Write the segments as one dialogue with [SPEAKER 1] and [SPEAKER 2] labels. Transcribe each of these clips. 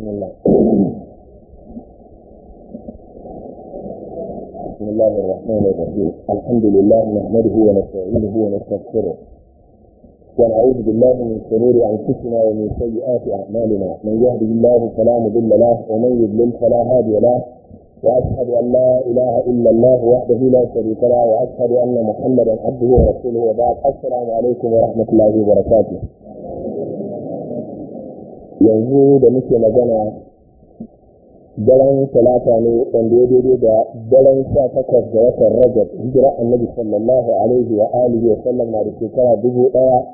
[SPEAKER 1] بسم الله بسم الله الرحمن الرحيم الحمد لله نحمده ونستعينه ونستغفره ونعوذ بالله من شرور انفسنا ومن سيئات اعمالنا من يهده الله فلا مضل له ومن يضلل فلا هادي له واشهد ان لا اله الا الله وحده لا شريك له واشهد ان محمدا عبده ورسوله وبعد السلام عليكم ورحمه الله وبركاته yanzu da muke magana daren talata ne wanda ya daidai da daren sha takwas da watan rajab hijira annabi sallallahu alaihi wa alihi wa sallam na da shekara dubu ɗaya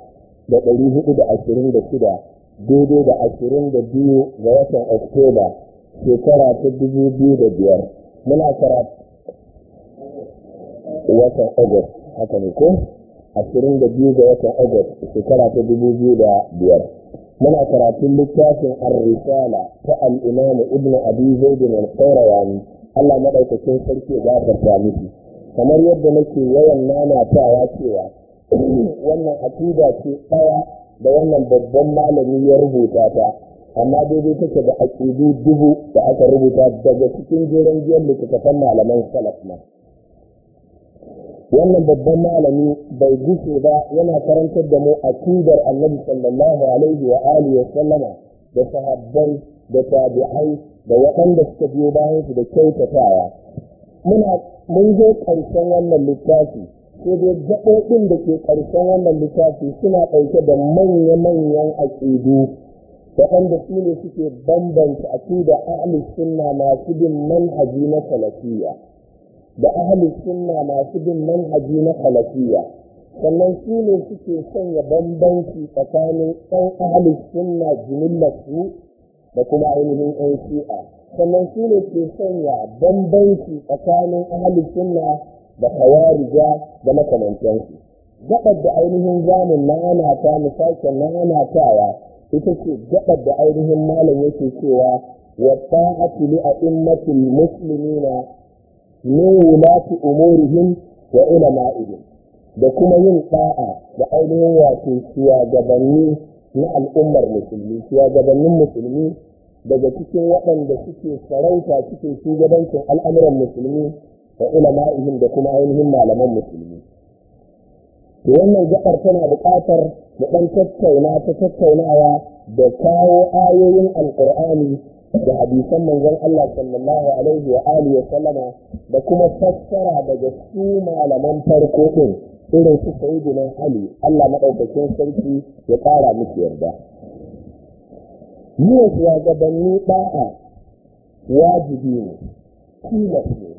[SPEAKER 1] da ɗari hudu da ashirin da shida daidai da ashirin da biyu ga watan oktoba shekara ta dubu biyu da biyar muna kara watan august haka ne ko ashirin da biyu ga watan august shekara ta dubu biyu da biyar muna karatun littafin ar-risala ta al-imam ibn abi zaid al-qayrawani Allah madaukakin sarki ya gafarta miki kamar yadda nake yawan nanatawa cewa wannan akida ce ɗaya da wannan babban malami ya rubuta ta amma daidai take da aƙidu dubu da aka rubuta daga cikin jeren jiyan littattafan malaman salaf na wannan babban malami bai gushe ba yana karantar da mu akidar annabi sallallahu alaihi wa alihi wa sallama da sahabbai da tabi'ai da waɗanda suka biyo bayan su da kyautatawa muna mun zo ƙarshen wannan littafi sai dai gaɓoɓin da ke ƙarshen wannan littafi suna ɗauke da manya-manyan aƙidu waɗanda su ne suke bambanta aƙida ahlus sunna masu bin manhaji na salafiyya da ahalin sunna masu bin manhaji na halafiya sannan su ne suke sanya bambanci tsakanin ɗan ahalin sunna jimillarsu da kuma ainihin ɗan shi'a sannan su ne ke sanya bambanci tsakanin ahalin sunna da kawarija da makamantansu gaɓar da ainihin zamun nanata mu ana nanatawa ita ce gaɓar da ainihin malam yake cewa wa ta'atu li musulmi muslimina min wulati umurihim wa ulama'ihim da kuma yin ɗa'a da ainihin wato shugabanni na al'ummar musulmi shugabannin musulmi daga cikin waɗanda suke farauta suke shugabancin al'amuran musulmi wa ulama'ihim da kuma ainihin malaman musulmi to wannan gaɓar tana buƙatar mu ɗan tattauna ta tattaunawa da kawo ayoyin alƙur'ani da hadisan manzon Allah sallallahu alaihi wa alihi wa sallama da kuma fassara daga su malaman farko din irin su na Ali Allah madaukakin sarki ya kara miki yarda yiwa shugabanni da'a wajibi ne tilas ne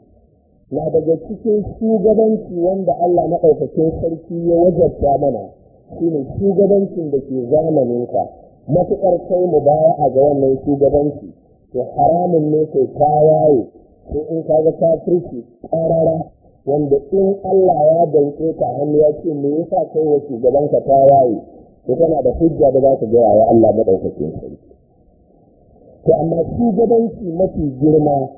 [SPEAKER 1] na daga cikin shugabanci wanda Allah maɗaukakin sarki ya wajabta mana shine shugabancin da ke zamaninka matuƙar kai mu baya a ga wannan shugabanci to haramun ne sai ka waye, ko in ka ga kafirci ƙarara wanda in Allah ya danke ka hannu ya ce me yasa kai wa shugabanka ta waye, to kana da hujja da za ka gaya wa Allah madaukakin sarki to amma shugabanci mafi girma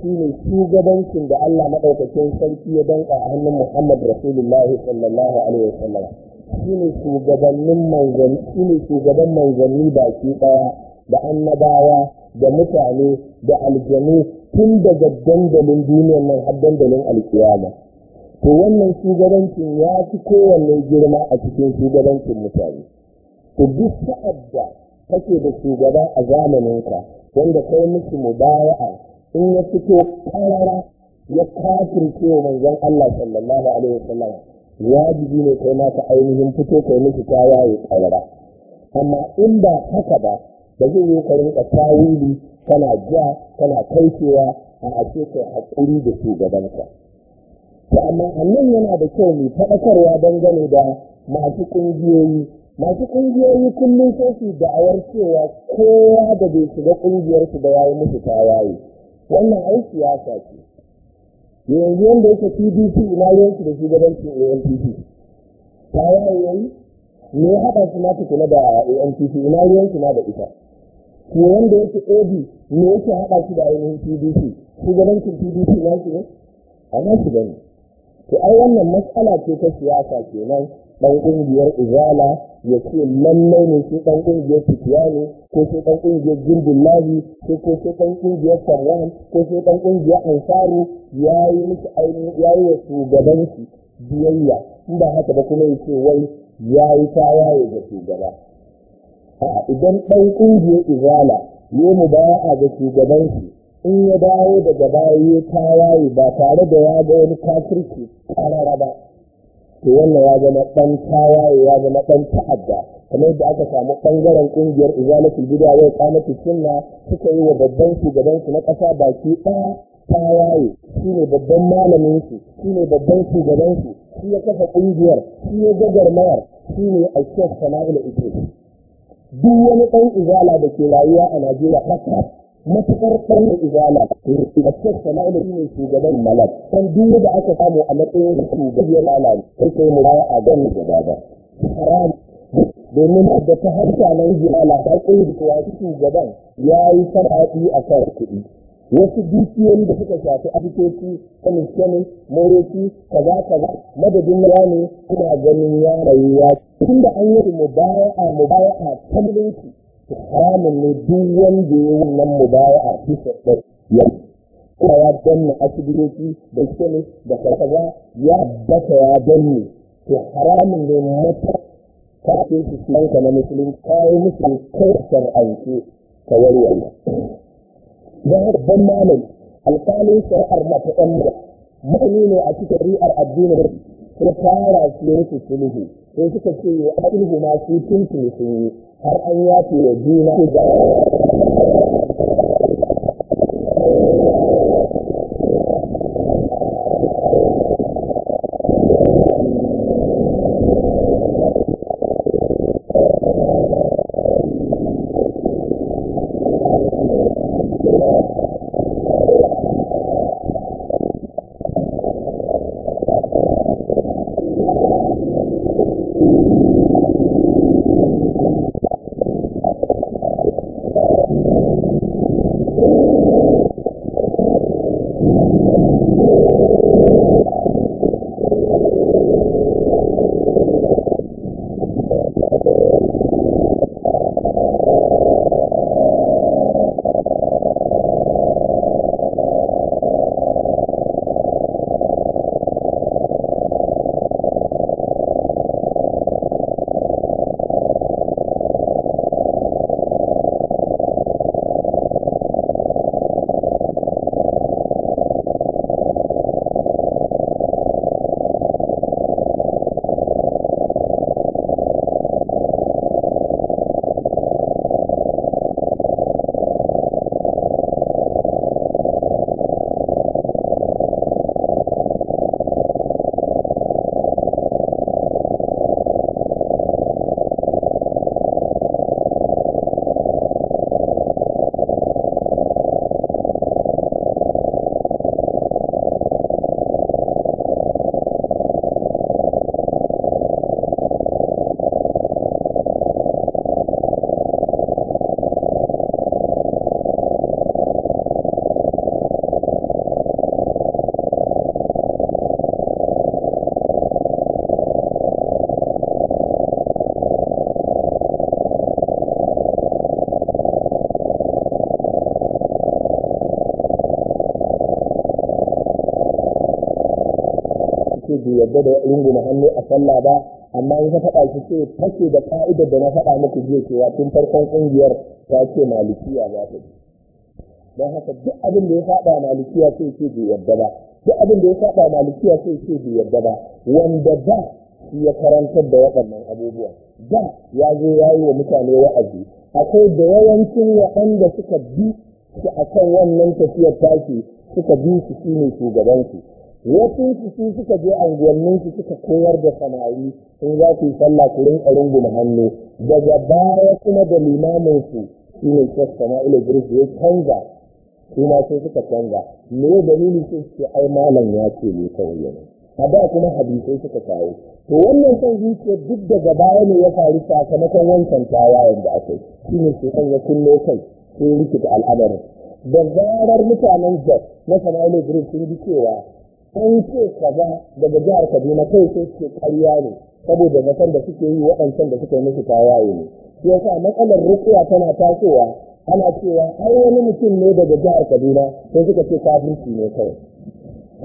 [SPEAKER 1] shine shugabancin da Allah maɗaukacin sarki ya danka a hannun Muhammad Rasulullahi sallallahu alaihi wasallam shine shugabannin manzanni shine shugaban manzanni baki ɗaya da annabawa da mutane da aljanu tun daga dandalin duniyar nan har dandalin alkiyama to wannan shugabancin ya fi kowanne girma a cikin shugabancin mutane to duk sa'ad da kake da shugaba a zamaninka wanda kai musu mubaya'a in ya fito karara ya kafin cewa manzon Allah sallallahu alaihi wasallam wajibi ne kai ma ainihin fito kai musu kaya ya karara amma in ba haka ba da zai yi ka rinka tawili kana ja kana kaucewa a ake kai haƙuri da shugabanka sa'annan annan yana da kyau mai faɗakarwa dangane da masu ƙungiyoyi masu ƙungiyoyi kullum sai su da'awar cewa kowa da bai shiga ƙungiyarsu da yayi musu yayi wannan ai siyasa ce yanzu yanda yake pdp ina yanki da shugabancin anpp ta yayi me ya haɗa su ma tukuna da anpp ina yanki ma da ita to wanda obi ne ya yake haɗa shi da ainihin pdp shugabancin pdp na ke ne a na shi gani to ai wannan matsala ce ta siyasa kenan ɗan ƙungiyar izala ya ce lallai ne sai ɗan ƙungiyar fitiyani ko sai ɗan ƙungiyar jirgin lahi ko ko sai ɗan ƙungiyar sarwan ko sai ɗan ƙungiyar ansaru ya yi miki ainihin ya yi wa shugabanci biyayya in ba haka ba kuma ya ce wai ya yi tawaye ga shugaba idan ɗan ƙungiyar izala ya mu baya a ga shi in ya dawo daga baya ya tawaye ba tare da ya ga wani kafirki ƙarara ba to wannan ya zama ɗan tawaye ya zama ɗan ta'adda kamar yadda aka samu ɓangaren ƙungiyar izalatul gida wai qamatu sunna suka yi wa babban shugabansu na ƙasa baki ɗaya tawaye shine babban malamin su shine babban shugaban su shi ya kafa ƙungiyar shi ya gagarmayar shine a shek sana'ul idris duk wani ɗan izala da ke rayuwa a Najeriya haka matuƙar ɗan izala da shek shi ne shugaban malak kan duk da aka samu a matsayin shugaban ya sai sai mu raya a gani gaba ba haram domin da ta harsha nan jimala ta ƙungiya shugaban ya yi sarari a kan kuɗi wasu dukiyoyi da suka shafi afikoki kamishanin moroki kaza kaza madadin rani kuma kuna ganin ya rayuwa tun da an yi mubaya'a mubaya'a kamilinki su to haramun ne duk wanda ya yi wannan mubaya'a bisa ɗai ya kuma ya danna asibitoci da shanu da kaza ya baka ya danne to haramun ne mata ka su shi na musulun kawai musulun kai shar'ance ta warware don haka malami alƙalin shari'ar na ta ɗan mutane ne a cikin ri'ar addinin sai fara siyan su sulhu sai suka ce wa sulhu ma su tuntun sun har an yafe wa juna yarda da runguma hannu a sallah ba amma in ka faɗa shi ce take da ka'idar da na faɗa muku jiya cewa tun farkon ƙungiyar ta ce malikiya za ta bi don haka duk abin da ya faɗa malikiya sai ce bai yarda ba duk abin da ya faɗa malikiya sai ce bai yarda ba wanda da shi ya karantar da waɗannan abubuwa da ya zo ya yi wa mutane wa'azi akwai da yawancin waɗanda suka bi su a kan wannan tafiyar tashi suka bi su shi ne shugabansu wasu su suka je anguwannin su suka koyar da samari sun za su yi sallah ku rinka runguma hannu daga baya kuma da limamin su shi ne shek sama'ila ya canza su ma sai suka canza me dalili sai suke ai malam ya ce ne kawai yana a da kuma hadisai suka kawo to wannan son zuciya duk daga baya ne ya faru sakamakon wancan tawayen da aka yi shi ne sai kan ya kullo kai sai rikita al'amarin da zarar mutanen jar na sama'ila girgi sun bi cewa An ce kaza daga jihar kaduna kai sai suke karya ne saboda zaton da suke yi waɗancan da suka yi musu tawaye ne shi yasa matsalar rukiya tana tasowa ana cewa ai wani mutum ne daga jihar kaduna sai suka ce kafirci ne kai.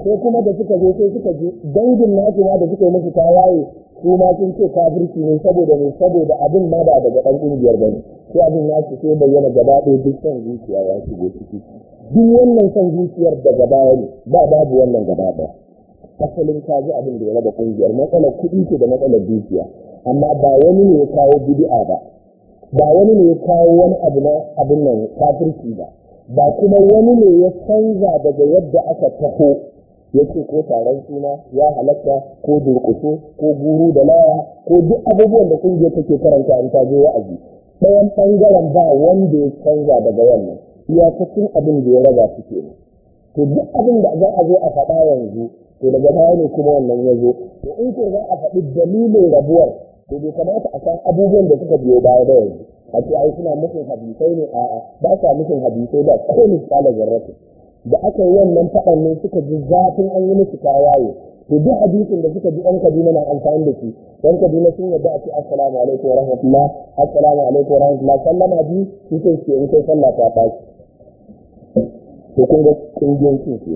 [SPEAKER 1] ko kuma da suka zo sai suka ji dangin nasu ma da suka yi musu tawaye su ma sun ce kafirci ne saboda ne saboda abin ma ba daga ɗan ƙungiyar ba ne sai abin nasu sai bayyana gaba ɗaya duk son zuciya ya shigo ciki duk wannan son zuciyar da gaba ne ba babu wannan gaba ɗaya asalin ka ji abin da ya raba kungiyar matsalar kuɗi ce da matsalar dukiya amma ba wani ne ya kawo bid'a ba ba wani ne ya kawo wani abu na abin nan kafirci ba ba kuma wani ne ya canza daga yadda aka taho ya ce ko taron suna ya halatta ko durƙuso ko guru da laya ko duk abubuwan da kungiyar take karanta in ta je wa'azi ɗayan ɓangaren ba wanda ya canza daga wannan iyakacin abin da ya raba su ke to duk abin da za a zo a faɗa yanzu to daga baya ne kuma wannan ya zo to in ko za a faɗi dalilin rabuwar to bai kamata a san abubuwan da suka biyo baya da yanzu a ce ai suna mutum hadisai ne a ba sa mutum hadisai ba ko misalan zarratu da aka yi wannan faɗan ne suka ji zafin an yi musu kawaye to duk hadisin da suka ji ɗan kaduna na amfani da shi ɗan kaduna sun yarda a ce assalamu alaikum wa rahmatullah assalamu alaikum wa rahmatullah sallama biyu su ce su yi kai sallah ta tashi to kun ga kungiyancin ke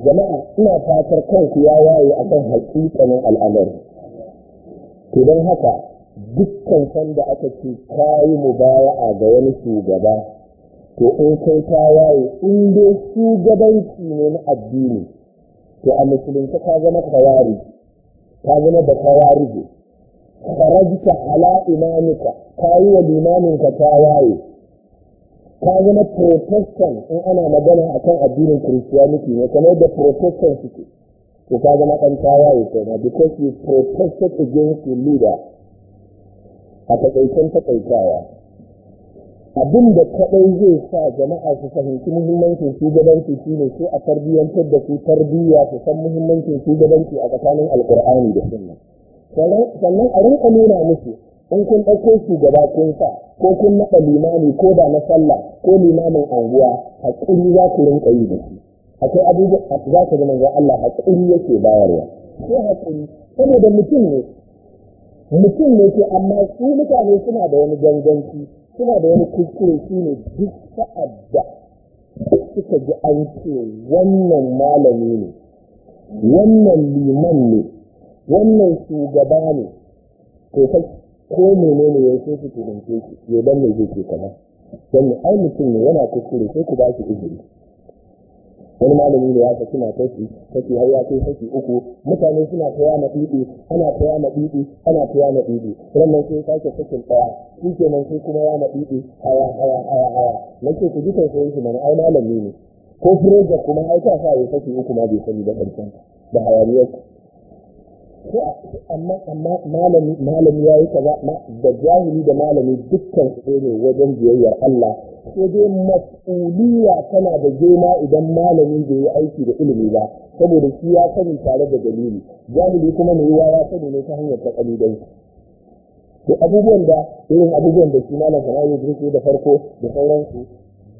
[SPEAKER 1] jama'a ina fatar kanku ya waye akan haƙiƙanin al'amari to don haka dukkan sanda aka ce kayi a ga wani shugaba to in kai ta waye in dai shugabanci ne na addini to a musulunta ka zama kawari ka zama da kawari ne rajita ala imanika kayi wa limaninka ta waye ta zama protestant in ana magana akan addinin christianity ne kamar da protestant suke to ka zama ɗan kaya ya kai because you protested against your leader a takaicen takaitawa abin da kaɗai zai sa jama'a su fahimci muhimmancin shugabanci shine su a tarbiyyantar da su tarbiyya su san muhimmancin shugabanci a tsakanin alkur'ani da sunna sannan a rinka nuna musu in kun ɗauko shugaba kun sa ko kun naɗa limani ko da na sallah ko limamin anguwa haƙuri za ku rinka yi da shi akwai abubuwa za ka zama ga Allah haƙuri yake bayarwa ko haƙuri saboda mutum ne mutum ne ke amma su mutane suna da wani ganganci suna da wani kuskure shi ne duk sa'ad da suka ji an ce wannan malami ne wannan liman ne wannan shugaba ne ko ne ya so su tunce ki ya dan zai yake kaza dan ai mutum ne yana kuskure sai ku ba shi izini wani malami da ya saki matar shi saki har ya kai saki uku mutane suna taya ma ɗiɗi ana taya ma ɗiɗi ana taya ma ɗiɗi nan sai sake sakin ɗaya shi nan sai kuma ya ma ɗiɗi haya haya haya haya na ke ku ji sai shi mana ai malami ne ko furoja kuma ai ta sa ya saki uku ma bai sani da ƙarshen da hayaniyar ko a amma amma malami malami yayi kaza da jahili da malami dukkan su ne wajen biyayyar Allah ko dai mas'uliya tana da girma idan malami bai yi aiki da ilimi ba saboda shi ya sani tare da dalili jahili kuma ne ya sani ne ta hanyar ta kalidan to abubuwan da irin abubuwan da shi malam sanayi da da farko da sauransu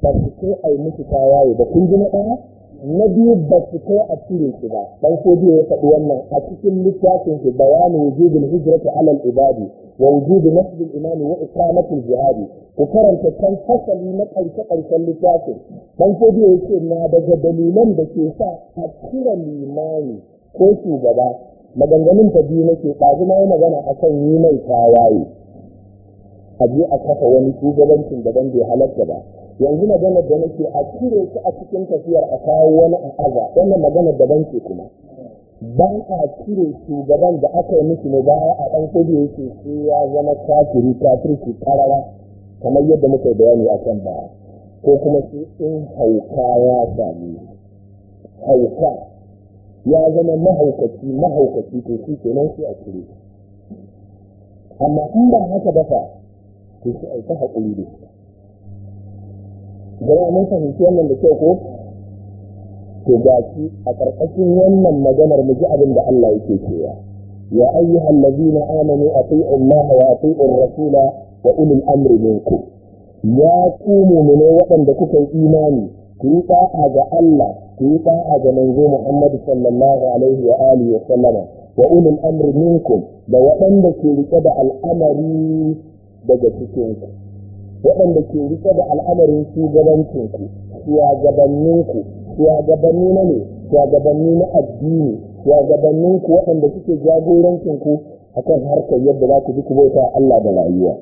[SPEAKER 1] ba su sai ai musu tawaye kun ji na ɗaya na biyu ba su kai a cire su ba dan ko ya faɗi wannan a cikin littafin su bayanin wujudul hijrati alal ibadi wa wujudu nasbil imani wa iqamatul jihadi ku karanta kan fasali na ƙarshe ƙarshen littafin Ɗan ko ya ce na daga dalilan da ke sa a cire limani ko shugaba maganganun ta biyu nake ɗazu na yi magana a kan yi mai tawaye a je a kafa wani shugabancin da ban bai halarta ba yanzu maganar da nake a cire su a cikin tafiyar a kawo wani a aza wannan maganar daban banke kuma ban a cire shugaban da aka yi musu ne baya a ɗan kudu yake su ya zama kafiri su karara kamar yadda muka bayani a kan baya ko kuma sai in hauka ya sami hauka ya zama mahaukaci mahaukaci to shi kenan su a cire amma in ba haka ba fa to sai haƙuri da su Zama mun fahimci wannan da kyau ko to shi a ƙarƙashin wannan maganar mu ji abin da Allah yake cewa ya ayyuhal ladina amanu atii'u Allah wa atii'u rasula wa ulil amri minkum ya ku mu'mine waɗanda kuka yi imani ku yi ta'a ga Allah ku yi ta'a ga manzo Muhammadu sallallahu alaihi wa alihi wa sallama wa ulil amri minkum da waɗanda ke rike da al'amari daga cikin ku waɗanda ke rike da al'amarin shugabancinku shugabanninku shugabanni na ne shugabanni na addini shugabanninku waɗanda suke jagorancinku kan harkar yadda za ku ji ku bauta Allah da rayuwa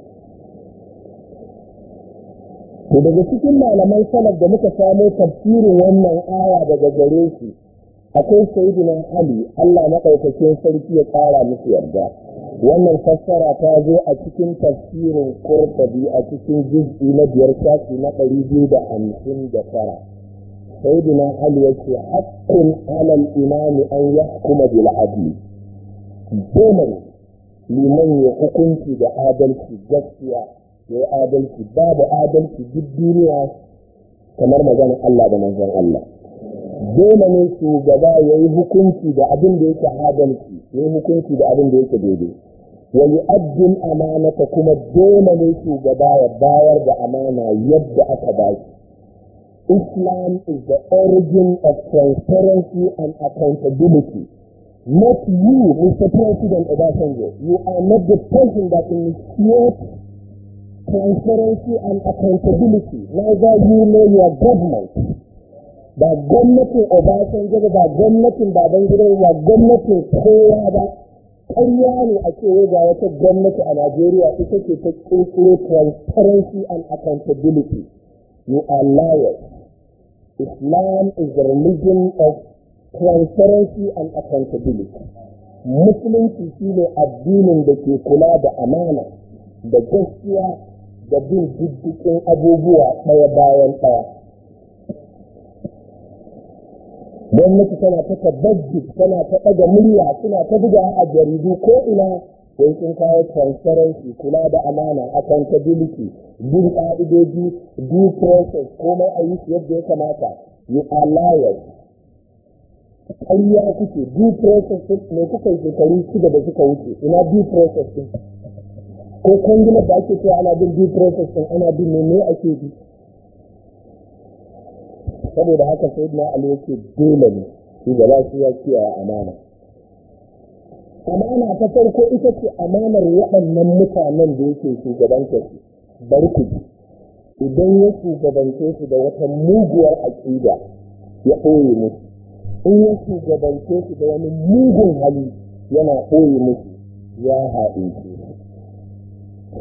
[SPEAKER 1] to daga cikin malaman salaf da muka samo tafsirin wannan aya daga gare shi akwai sayyidina ali Allah madaukakin sarki ya ƙara musu yarda wannan fassara ta zo a cikin tafsirin kurtabi a cikin juz'i na biyar shafi na ɗari biyu da hamsin da tara hali ya yace haƙƙin alal imami an yahkuma bil adli dole liman ya hukunci da adalci gaskiya ya adalci babu adalci duk duniya kamar maganar Allah da manzon Allah dole ne shugaba ya yi hukunci da abin da yake adalci ya yi hukunci da abin da yake daidai wani abin amana ta kuma dole ne shugaba ya bayar da amana yadda aka ba shi Islam is the origin of transparency and accountability. Not you, Mr. President Obasanjo. You are not the person that initiates transparency and accountability. Neither you nor your government. Ba gwamnatin Obasanjo ba gwamnatin Babangida ba gwamnatin kowa ba. ƙarya ne a cewa ga wata gwamnati a Najeriya ita ce ta ƙirƙiro transparency and accountability. You are liars. Islam is the religion of transparency and accountability. Musulunci shi ne addinin da ke kula da amana, da gaskiya, da bin diddikin abubuwa ɗaya bayan ɗaya. gwamnati tana ta tabbaji tana ta ɗaga murya suna ta buga a jaridu ko ina don sun kawo transparency kula da amana accountability bin ƙa'idoji due process komai a yi yadda ya kamata yi a liars ƙarya kuke due process ne kuka yi shekaru shida da suka wuce ina due process ko gina da ake cewa ana bin due process ana bin ne ake bi saboda haka sai na ali yake dole ne shi da lafi kiyaye amana amana ta farko ita ce amanar waɗannan mutanen da yake shugabanta su bari ku idan ya shugabance su da wata muguwar aƙida ya ɓoye musu in ya shugabance su da wani mugun hali yana ɓoye musu ya haɗe su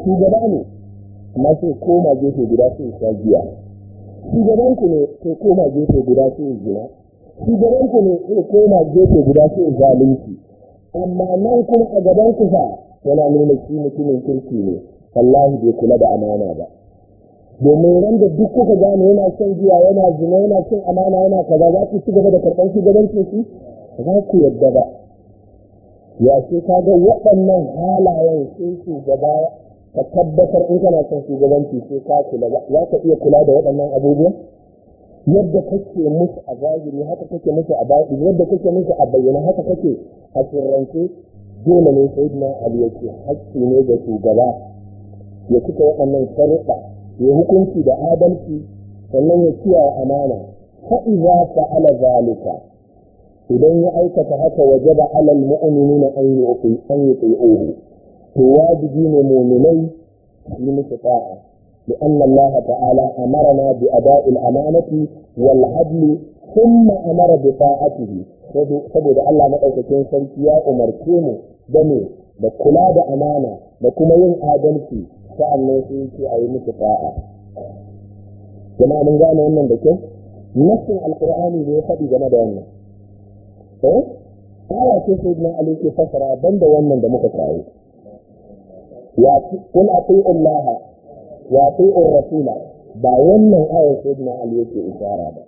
[SPEAKER 1] shugaba ne amma sai koma gefe guda sai sa giya shugaban ku ne ko koma gefe guda ce zina shugaban ku ne ko koma gefe guda ce zalunci amma nan kuma a gaban ku fa yana nuna shi mutumin kirki ne wallahi bai kula da amana ba domin ran da duk kuka gane yana son giya yana zina yana son amana yana kaza za ku ci da karɓar shugabancin shi za ku yadda ba ya ce ga waɗannan halayen sun shugaba ka tabbatar in kana son shugabanci sai ka kula za ka iya kula da waɗannan abubuwan yadda kake musu a zahiri haka kake musu a baɗi yadda kake musu a bayyana haka kake a sirrance dole ne sai na abu yake hakki ne ga shugaba ya cika waɗannan sharuɗa ya hukunci da adalci sannan ya kiyaye amana fa iza ala zalika idan ya aikata haka waje wajaba alal mu'minina an yuqi an yuqi'uhu to wajibi ne mu'minai yi musu ta'a لأن الله تعالى أمرنا بأداء الأمانة والعدل ثم أمر بطاعته saboda Allah na maɗaukakin sarki ya umarce mu da ne da kula da amana da kuma yin adalci sa'annan sun ce a yi musu fa'a. Jama'a mun gane wannan da kyau? Nassin Alkur'ani ne ya faɗi game da wannan. Eh? Aya ce sai na Ali ke fasara banda wannan da muka kawo. ya kun ati'u Allah wa ati'u Rasula ba wannan ayar sayyidina Ali yake isara ba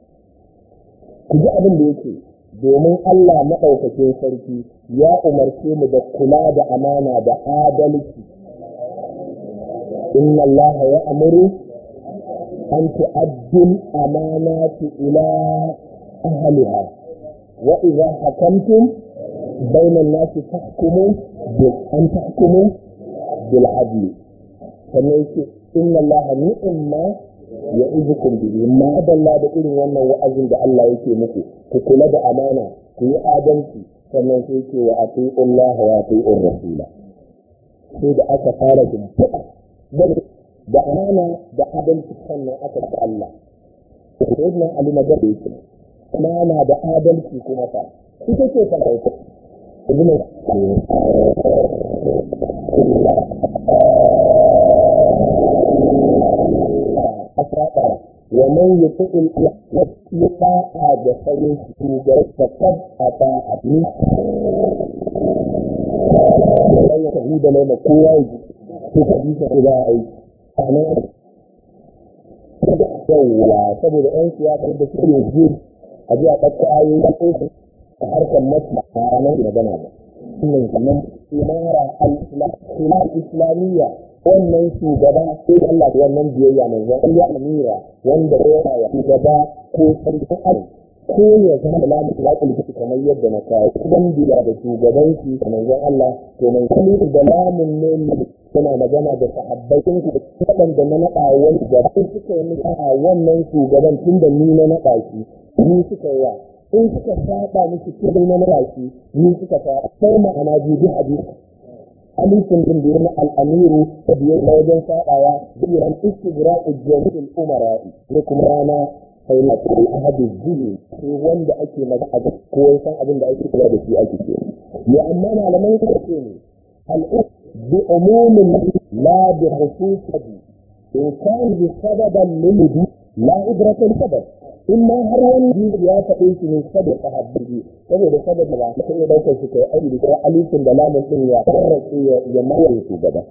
[SPEAKER 1] ku ji abin da yake domin Allah maɗaukacin sarki ya umarce mu da kula da amana da adalci inna Allah ya amuru an tu'addul amanati ila ahliha wa idza hakamtum bainan nasi tahkumu an tahkumu bil adli sannan yake inna allaha ni'ma da irin wannan wa'azin da Allah yake muku ku kula da amana ku yi adalci sannan sai yake wa ati'u allaha wa ati'u rasula sai da aka fara gumbuɗa da amana da adalci sannan aka Allah sai na ali na da adalci kuma ibn asaba wa man yuti'il yata'a da sanin shugaban faqad ata abin Allah ya tafi da mai kowa ya ji ko hadisa ko ba ai sanan saboda yan siyasa da suke ji a a ɗauka ayoyi a harkar masla a ranar magana ba shine kamar imara al islamiyya wannan shugaba sai Allah da wannan biyayya manzon Allah amira wanda ya ya shugaba ko sarki al ko ya zama da lamu ya kamar yadda na kawo idan biya da shugabanci kamar zan Allah to mai kulli da lamun ne suna magana da sahabbai sun ku da na naɗa wani da suka yi a wannan shugaban tun da ni na naɗa shi ni suka yi in suka saba miki kirin na maraki ni suka ta sai ma'ana bibi hadisi alifin din da yana al'amiru da biyar da wajen sabawa biran istigra'u jami'in umara'i ne kuma rana sai na kuma ahadu zuri ko wanda ake magana ko san abin da ake kula da shi ake ce ya amma malaman suka ce ne Na bi umumin la bi khususihi in kan bi sababan min la ibratan sabab in ma har wani ya faɗe shi ne saboda sahabbi saboda saboda ba su ya daukar shi kai aiki da alifin da lamun ɗin ya karrace ya ya mai su gaba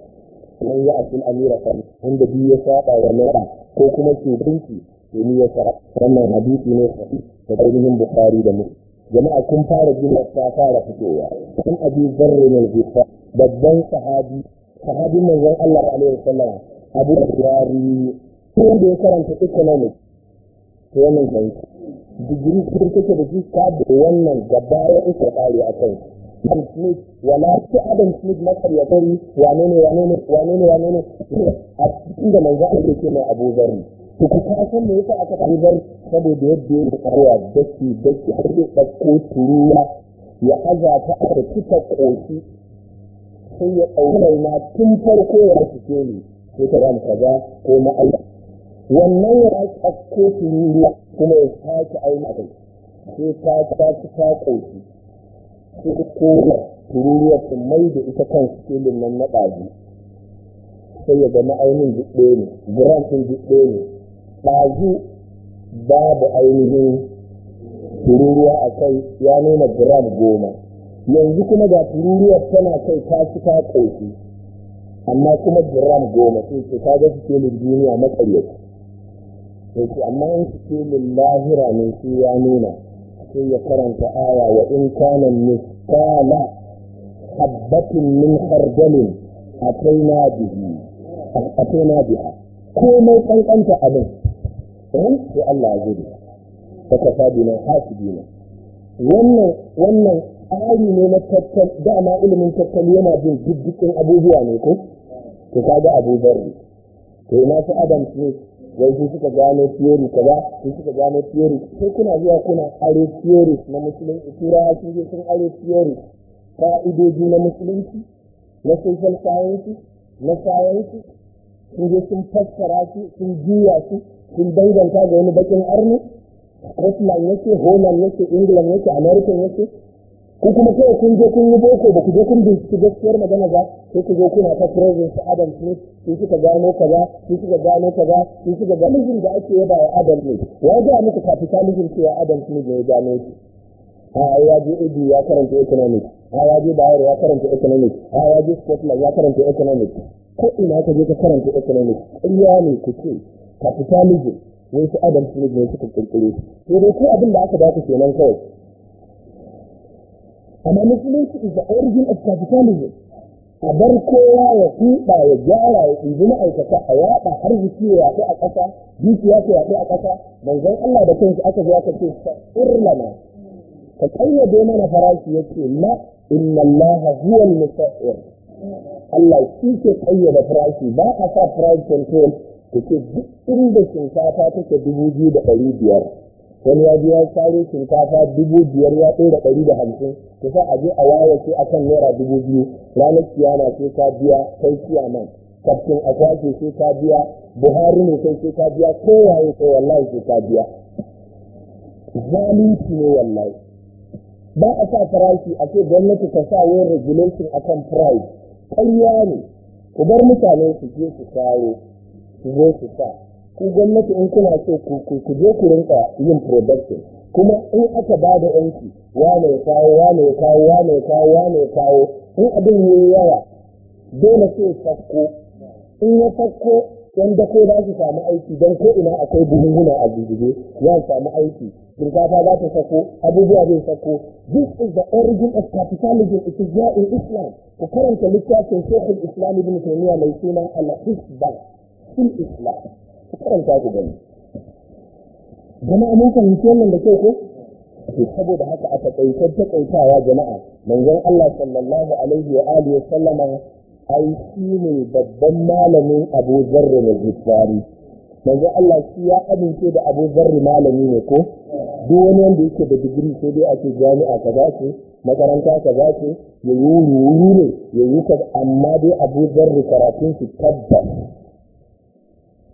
[SPEAKER 1] nan ya asin amira kan wanda bi ya saba wa mara ko kuma shugabanci domin ya sara wannan hadisi ne da ainihin bukari da mu. jama'a kun fara jin ta fara fitowa kun abi zarrin al-ghifar babban sahabi sahabin manzon Allah alaihi wasallam abu da ya karanta economics to wannan kai digiri kuma take da shi ka da wannan gaba ya ita kare a kai Adam Smith wala ce Adam Smith na karyatari wane ne wane ne wane ne wane ne a cikin da manzo ake ce mai Abu Zarri to ku ka san me yasa aka Abu Zarri saboda yadda yake karewa daki daki har da tsakko turuwa ya azata a cikin koki sai ya ɗaukai na tun farko ya cike ne sai ta ramu kaza ko ma'aikata wannan ya rasu a ruwa kuma ya sake aina kai sai ta ta ci ta ƙoƙi ko ta kora tururuwar mai da ita kan skilin nan na ɗaji sai ya gani ainihin jiɗe ne gram jiɗe ne ɗazu babu ainihin turuwa a kai ya nuna gram goma yanzu kuma ga turuwa tana kai ta ci ta ƙoƙi amma kuma gram goma sai ta ga skilin duniya matsayi yake amma in su ce lillahira ne sai ya nuna sai ya karanta aya wa in kana misqala habbatin min khardalin ataina bihi ataina biha komai kankanta abin eh sai Allah ya gudu saka sabina hasibina wannan wannan tsari ne na tattal dama ilimin tattali yana jin diddikin abubuwa ne ko to kaga abubuwar ne to ina su adam ne wai su suka gano theory kaza sun suka gano theory sai kuna zuwa kuna aro theory na musulunci turawa sun je sun aro theory ka'idoji na musulunci na social science na science sun je sun fassara su sun juya su sun danganta ga wani bakin arni Rashman yake, Holland yake, England yake, American yake, in kuma sai kun je kun yi boko ba ku je kun binciki gaskiyar magana ba sai ku zo kuna ta prozin su adam ne su suka gano kaza su suka gano kaza su suka ga mijin da ake yaba wa adam ne ya ga muku capitalism cewa adam ne da ya gano shi a ya je edu ya karanta economics a ya je bayar ya karanta economics a ya je scotland ya karanta economics ko ina ka je ka karanta economics ƙarya ne ku ce capitalism wai su adam ne da suka kirkire sai dai ko abin da aka dace kenan kawai amma musulunci is the origin of capitalism a bar kowa ya tuɗa ya gyara ya ɗibi ma'aikata a yaɗa har zuci ya yaɗu a ƙasa dukiya ta yaɗu a ƙasa manzon Allah da kansa aka zo aka ce ta na. ka kayyade mana farashi yake la inna Allah huwa al-musa'ir Allah shi ke kayyade farashi ba a sa farashi control da ke duk inda shinkafa take dubu biyu da ɗari biyar wani ya biya karo shinkafa dubu biyar ya ɗora ɗari da hamsin ta sa a je a waya ce kan naira dubu biyu ranar kiyama ce ta biya kai kiyaman kafin a kwace ce ta biya buhari ne kai ce ta biya kowaye kai wallahi ce ta biya zalunci ne wallahi ba a sa farashi a ce gwamnati ta sa wani regulation akan price ƙarya ne ku bar mutane su je su kawo su zo su sa ku gwamnati in kuna so ku je ku rinka yin production kuma in aka ba da yanki wa ya kawo wane ya kawo wane ya kawo wane ya kawo in abin yi yawa dole sai sakko in ya sakko yan ko za su samu aiki don ko ina akwai buhunhuna a jijjige za samu aiki shinkafa za ta sako abubuwa zai sako this is the origin of capitalism it is in islam ku karanta littafin shekul islam ibn taymiya mai suna al-hisba fil islam ku karanta ku gani jama'a mun da kyau ko to saboda haka a ta takaitawa jama'a manzon Allah sallallahu alaihi wa alihi wa sallama ai shi ne babban malamin Abu Zarr na Ghifari manzon Allah shi ya amince da Abu Zarr malami ne ko duk wani wanda yake da digiri sai dai ake jami'a kaza ce makaranta kaza ce ya yi wuri ne ya yi amma dai Abu Zarr karatun shi tabbas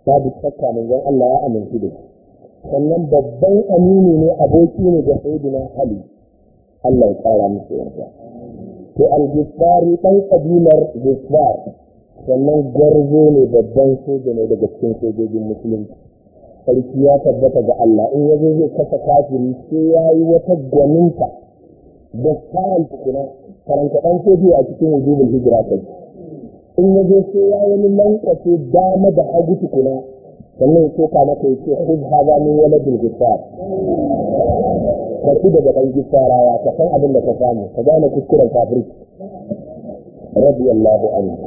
[SPEAKER 1] babu shakka manzon Allah ya amince da sannan babban amini ne aboki ne da sayyidina Ali Allah ya kara musu yarda to al-Ghifari dan kabilar Ghifar sannan gwarzo ne babban soja ne daga cikin sojojin musulunci sarki ya tabbata ga Allah in yazo zai kasa kafiri sai yayi wata gwaninta da tsarin tukuna karanta dan soji a cikin wujubul hijira kai in ya zo sai ya wani lankwace dama da hagu tukuna sannan ya soka maka ya hud haza min waladin gifar kashi daga ɗan gifara ya ka san abin da ka samu ka gane kuskuren kafirci radiyallahu anhu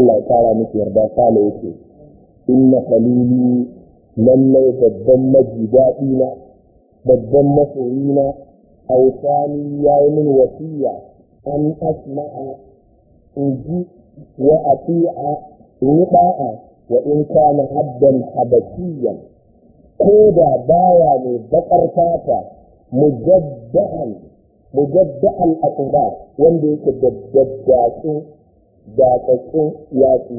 [SPEAKER 1] Allah ya kara miki yarda sale yake inna khalili lallai babban maji na babban masoyi hausani ya yi min wasiya an asma'a in ji wa ati'a in yi da'a wa in kana haddan habashiyan ko da baya mai bakar fata mujaddahan mujaddahan aqba wanda yake daddatsu da tsatsu yaki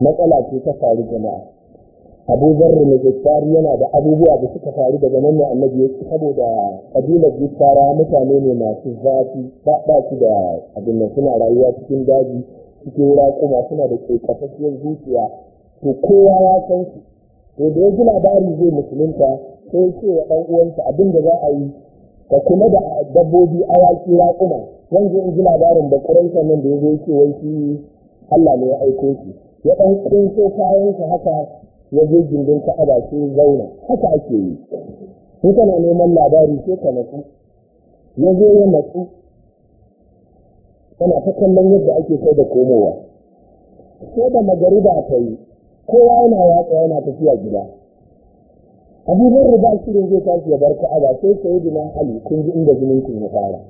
[SPEAKER 1] matsala ce ta faru jama'a abu zarri mai gaskari yana da abubuwa da suka faru daga nan ne annabi ya saboda kabilar gaskara mutane ne masu zafi ba da abin nan suna rayuwa cikin daji cikin raƙuma suna da ƙeƙasasshiyar zuciya to kowa ya san su to da ya ji labari zai musulunta sai ce wa ɗan uwansa abin da za a yi ka kuma da dabbobi awaki raƙuma zan je in ji labarin da ƙuraisha nan da ya zo ce wai shi Allah ne ya aiko shi ya ɗan ƙunso kayansa haka ya je gindin ka sai zauna haka ake yi in kana neman labari sai ka natsu ya zo ya natsu kana ta kallon yadda ake kai da komowa sai da ba ta yi kowa yana watsa, yana tafiya gida abubuwan da zai tashi ya bar ka'aba sai yi dina hali kun ji inda jinin kun ya fara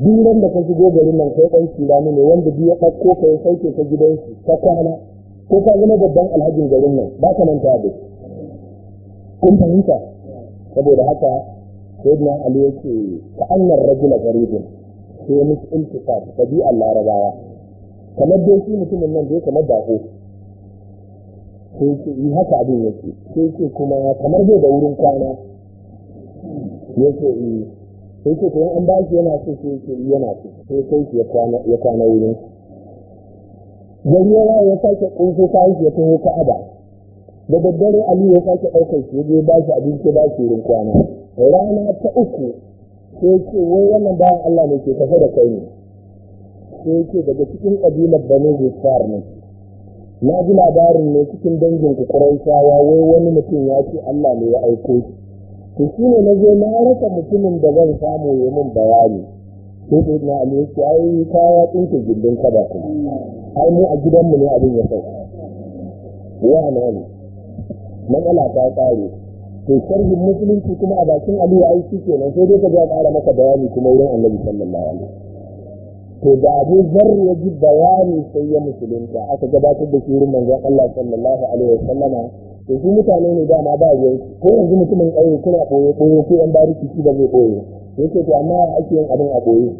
[SPEAKER 1] duk da ka shigo garin nan kai dan kila ne wanda biya ɗauko ka ya sauke ka gidansu ta kwana ko ka zama babban alhajin garin nan ba ka manta da kun fahimta saboda haka na ali yake ka annar rajula garibin sai ya musu bi Allah rabawa kamar dai shi mutumin nan dai kamar dako. sai ce yi haka abin yake sai ce kuma kamar dai da wurin kwana yake yi sai ce kuma eh. an ba shi yana so sai ce yana so sai sai ya kwana wurin gari ya ya sake kunso kayan shi ya taho ada da daddare ali ya sake ɗaukar shi ya ba shi abinci ba shi rin kwana rana ta uku sai ce wai wannan bayan Allah ne ke tafe da kai ne sai ce daga cikin ƙabilar banu zufar ne na ji labarin ne cikin dangin kukurai shawa wai wani mutum ya ce Allah ne ya aiko shi to ne na zo na rasa mutumin da zan samu ya min bayani sai na ali ya ce ai kaya tsinke gindin kada kuma ai mu a gidanmu ne abin ya sauka wani wani matsala ta tsare to sharhi musulunci kuma a bakin aliyu aiki kenan sai dai ka ga ƙara maka bayani kuma wurin annabi sallallahu alaihi to da abu zar ya ji bayani sai ya musulunta aka gabatar da shirin manzo Allah sallallahu alaihi wasallama to shi mutane ne dama ba yi ko yanzu mutumin ƙauye kuna koyo koyo ko yan bariki shi ba zai koyo yake to amma ake yin abin a koyo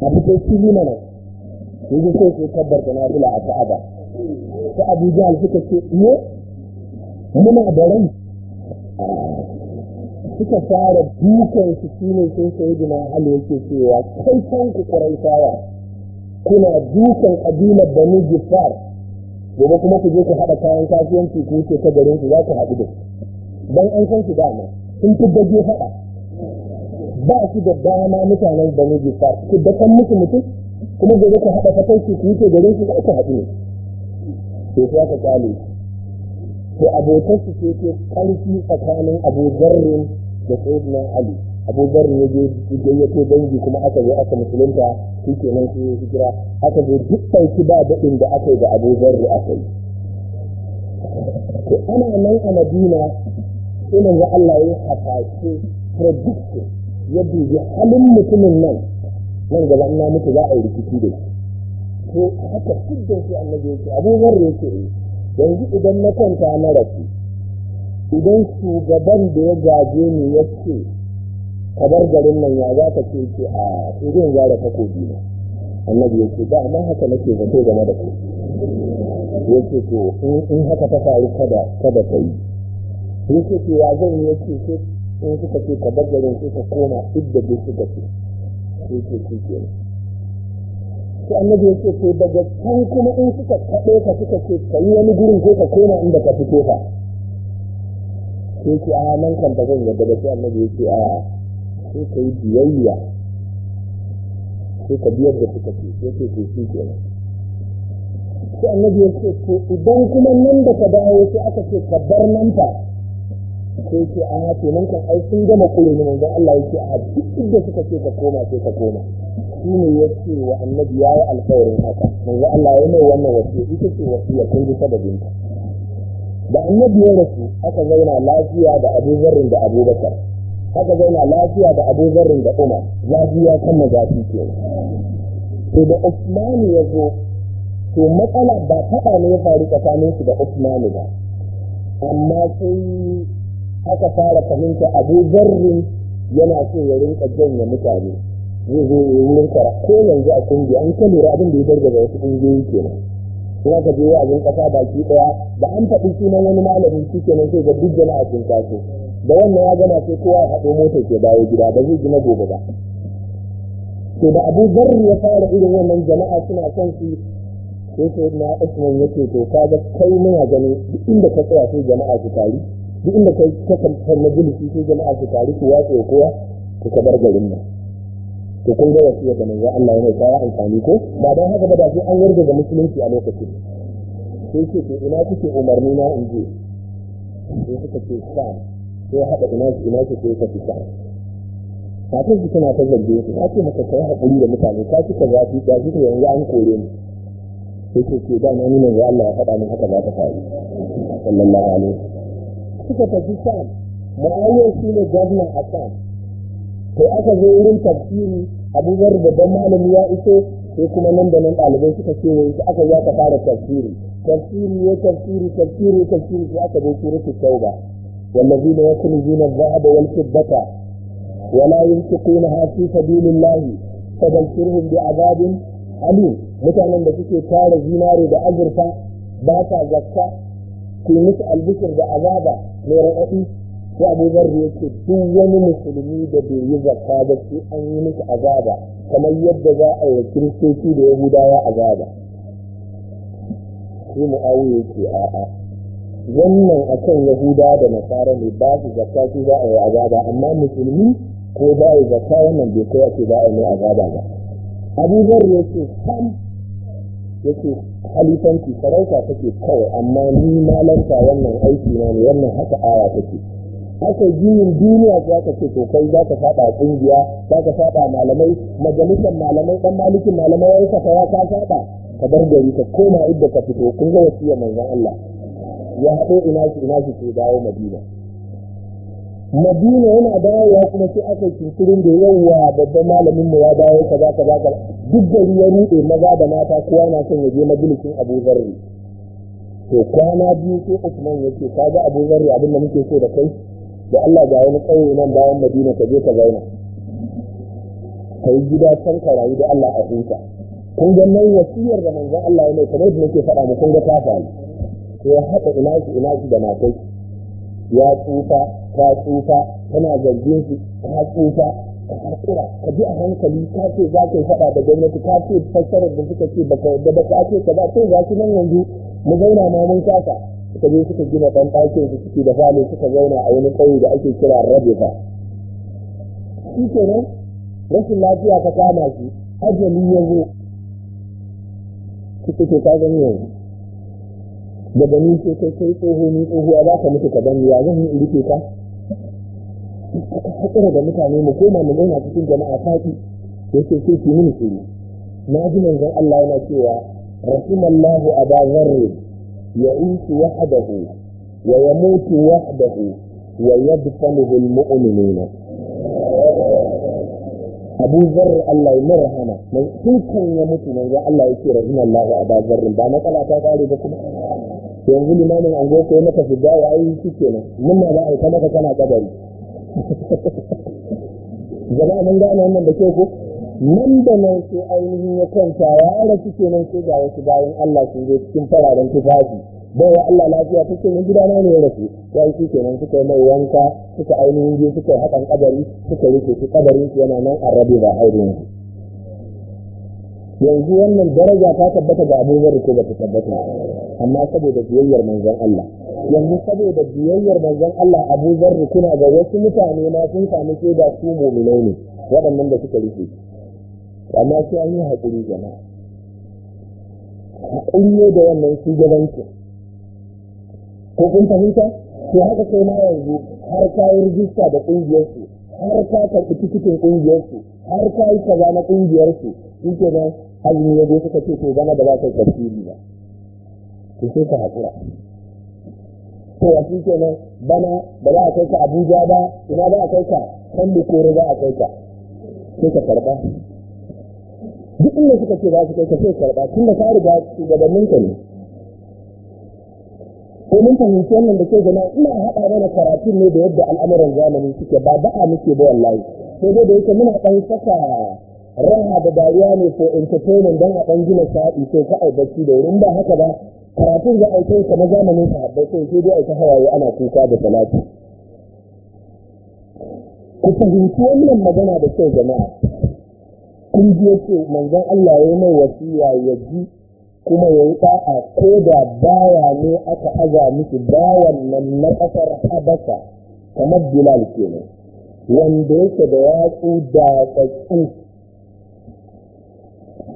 [SPEAKER 1] a ta shi mana yanzu sai tabbar da a ta abuja suka ce iyo muna da rai ah, suka fara dukan su shine sun sai gina hali yake cewa kai kan ku kuraitawa kuna dukan da ni gifar gobe kuma ku je ku haɗa kayan kasuwanci ku wuce ta garin ku za ku haɗu da dan an san su dama sun fi dage haɗa ba su da dama mutanen da ni gifar ku kan mutu mutum kuma gobe ka haɗa kai ku ce garin su ka haɗu ne to sai ka kyale to abokan su ke ke ƙarfi tsakanin Abu Zarrin da Sayyidina Ali Abu ya je da yake dangi kuma aka zo aka musulunta shi nan sai ya hijira aka zo duk ɗauki ba daɗin da aka yi da Abu Zarri aka yi to ana nan a Madina sai manzo Allah ya hasashe prediction ya halin mutumin nan nan gaba ina mutu za a yi rikici da shi ko haka siddan shi annabi yake abu da yake yi yanzu idan na kwanta na rafi idan shugaban da ya gaje ni ya ce ka bar garin nan ya za ka ce ce a irin zara takobi ne annabi ya ce amma haka nake zato game da ku ya ce to in haka ta faru kada kada ta yi ya ce to ya zan yi ya ce in suka ce ka bar garin sai ka koma duk da duk suka ce sai ce kuke ce annabi ya ce ce daga can kuma in suka kaɗe ka suka ce ka yi wani gurin ko ka koma inda ka fito ka sai ce a nan kan ba zan yadda ba sai annabi ya ce a sai ka yi biyayya sai ka biyar da suka ce ce ce ce ce sai annabi ya ce ce idan kuma nan da ka dawo sai aka ce ka bar nan ta. ko a nan kan ai sun gama kure ne manzon Allah yake a duk inda suka ce ka koma sai ka koma shi ne ya wa annabi ya yi haka manzon Allah ya mai wannan wasu ita ce wasu ya kai da binta da annabi ya rasu aka zauna lafiya da abu zarrin da abubakar aka zauna lafiya da abu zarrin da umar lafiya kan kama ke to da usmani ya zo to matsala ba taɓa ne ya faru tsakanin tsakaninsu da usmani ba amma sai aka fara fahimta abu zarrin yana so ya rinka janye mutane zai zo ya wurin kara ko yanzu a kungiya an kan lura abin da ya da wasu kungiyoyi kenan kuma ka je abin kasa baki daya da an faɗi sunan wani malamin shi kenan sai ga duk jama'a sun taso da wannan ya gana sai kowa ya haɗo mota ke bayo gida ba zai gina gobe ba to da abu zarri ya fara irin wannan jama'a suna son su sai sai na usman yake to kaga kai muna ganin duk inda ka tsaya sai jama'a su tari duk inda kai ka kan majalisi sai jama'a su taru ku watsa kowa ku bar garin nan to kun ga wasiyar da manzo Allah ya amfani ko ba dan haka ba da sai an yarda da musulunci a lokacin sai ce to ina kuke umarni na in je sai suka ce sa sai hada ina ina ce sai ka fita kafin su tana ta zarge su ta ce maka kai hakuri da mutane ka ci ka zafi da ji yanzu an kore ni sai ce ce da na nuna Allah ya faɗa min haka za ta faru sallallahu alaihi suka tafi sa'an, ma'ayyar shi ne gwamna a sham to aka zo wurin tafsiri abubuwar da don malami ya iso sai kuma nan da nan ɗalibai suka ce wa su aka ya ka fara tafsiri tafsiri ya tafsiri tafsiri ya tafsiri sai aka zo suratul tauba والذين يكنزون الذهب والفضة hafi ينفقونها lahi سبيل الله فبشرهم azabin أليم mutanen da suke tara zinare da azurfa ba ta zakka ku musu albishir da azaba mai raɗaɗi sai abu zarri yake duk wani musulmi da bai yi zakka ba sai an yi musu azaba kamar yadda za a yi kiristoci da yahudawa azaba sai mu'awiya yake a'a wannan akan yahuda da nasara ne ba su zakka su za a yi azaba amma musulmi ko ba yi zakka wannan bai kai ake za a yi azaba ba abu zarri yake sam yake halifanci sarauta take kawai amma ni malanta wannan aiki na ne wannan haka aya take haka jinin duniya za ka ce to kai za ka saba kungiya za ka saba malamai majalisar malamai dan malikin malamai ya saka ya ka saba ka bar gari ka koma inda ka fito kun ga wasiyar manzon Allah ya haɗo ina shi ina shi ke dawo Madina madina yana dawowa kuma sai aka kirkirin da yawa babban malamin mu ya dawo kaza kaza kaza duk da ya ruɗe maza da mata kowa na son ya je majalisin Abu Zarri to kwana biyu sai Usman yake kaga Abu Zarri abin da muke so da kai da Allah ga wani kauye nan bayan Madina ka je ka zauna kai gida can ka rayu da Allah a huta kun ga nan wasiyar da manzon Allah ya mai kamar da nake faɗa mu kun ga ta faru ya haɗa ina shi ina shi da matai ya tsufa ka tsufa kana zargin su ka tsufa ka hakura ka ji a hankali ka ce za ka yi faɗa da gwamnati ka ce fassarar da suka ce baka yadda ba ka ce ka ba to ga shi nan yanzu mu zauna ma mun kasa suka je suka gina ɗan ɗakin su suke da falo suka zauna a wani ƙauye da ake kira rabifa shi kenan rashin lafiya ka kama shi ajali ya zo suka ce ka gani yanzu daga ni ce kai tsoho ni tsohuwa za ka mutu ka gani ya zan yi rike ka haƙura da mutane mu koma mu zauna cikin jama'a da yake ce, su mini shiru na ji manzon Allah yana cewa rahimallahu aba ya insu wahdahu wa yamutu wahdahu wa yadfanuhu almu'minuna abu zarri Allah ya rahama mai dukkan ya mutu manzon Allah yake rahimallahu aba zarri ba matsala ta kare ba kuma yanzu limamin ango ko maka fidda ya yi shi kenan mun ma ba a yi ta maka kana kabari jama'a mun gane wannan da ke ko nan da nan sai ainihin ya kwanta ya suke kenan sai ga wasu bayan Allah sun zo cikin fararen tufafi bai wa Allah lafiya take gida na ne ya rasu ya yi kenan suka yi mai wanka suka ainihin je suka haɗan kabari suka rufe su kabarin su yana nan arabe ba aure yanzu wannan daraja ta tabbata ga Abu da ta tabbata amma saboda biyayyar manzon Allah yanzu saboda biyayyar manzon Allah Abu Zarri kuna ga wasu mutane ma sun samu da su mu'minai ne waɗannan da suka rufe amma sai an yi haƙuri jama'a haƙuri ne da wannan shugabancin ko kun fahimta to haka sai ma yanzu har ka yi rijista da ƙungiyarsu har ka karɓi tikitin ƙungiyarsu har ka yi kaza na ƙungiyarsu shi ke nan azumi ya zo suka ce to zama da ba ka yi ba to sai ka haƙura to a kenan bana ba za a kai ka abuja ba ina za a kai ka kan da kore za a kai ka sai ka karba duk inda suka ce za su kai ka sai karba tun da ka riga shugabannin ka ne ko mun fahimci wannan da ke jama'a ina haɗa mana karatun ne da yadda al'amuran zamani suke ba a muke ba wallahi sai dai da yake muna ɗan saka raha da dariya ne ko entertainment don a ɗan gina sa'adi ko ka aibaci da wurin ba haka ba karatun za a yi kai na zamanin sahabbai sai sai dai aiki hawaye ana kuka da talatu. ku fahimci wannan magana da kyau jama'a kun ji yake manzon Allah ya mai wasiya ya ji kuma ya yi ɗa'a ko da baya ne aka aza miki bayan nan na ƙasar habasa kamar bilal kenan wanda yake da yatsu da tsatsu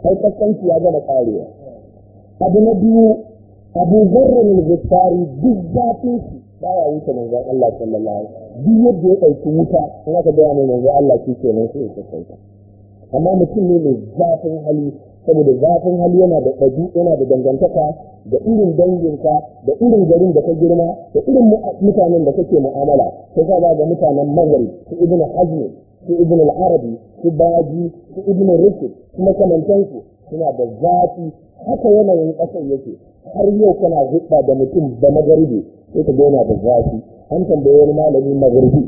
[SPEAKER 1] sai kaskanci ya gaba karewa abu na biyu abu zarrin al-ghifari duk zafin shi ya wuce manzan Allah sallallahu alaihi wasallam duk yadda ya ɗauki wuta in aka gaya mai manzon Allah shi kenan sai ya kaskanci amma mutum ne mai zafin hali saboda zafin hali yana da ɗabi yana da dangantaka da irin danginka da irin garin da ka girma da irin mutanen da kake mu'amala sai ka ga mutanen maghrib su ibnu hazm su ibn al su baji su ibn rushd kuma kamantansu suna da zafi haka yanayin ƙasar yake har yau kana hudda da mutum da magarbi sai ka gona da zafi an tambaye wani malami magarbi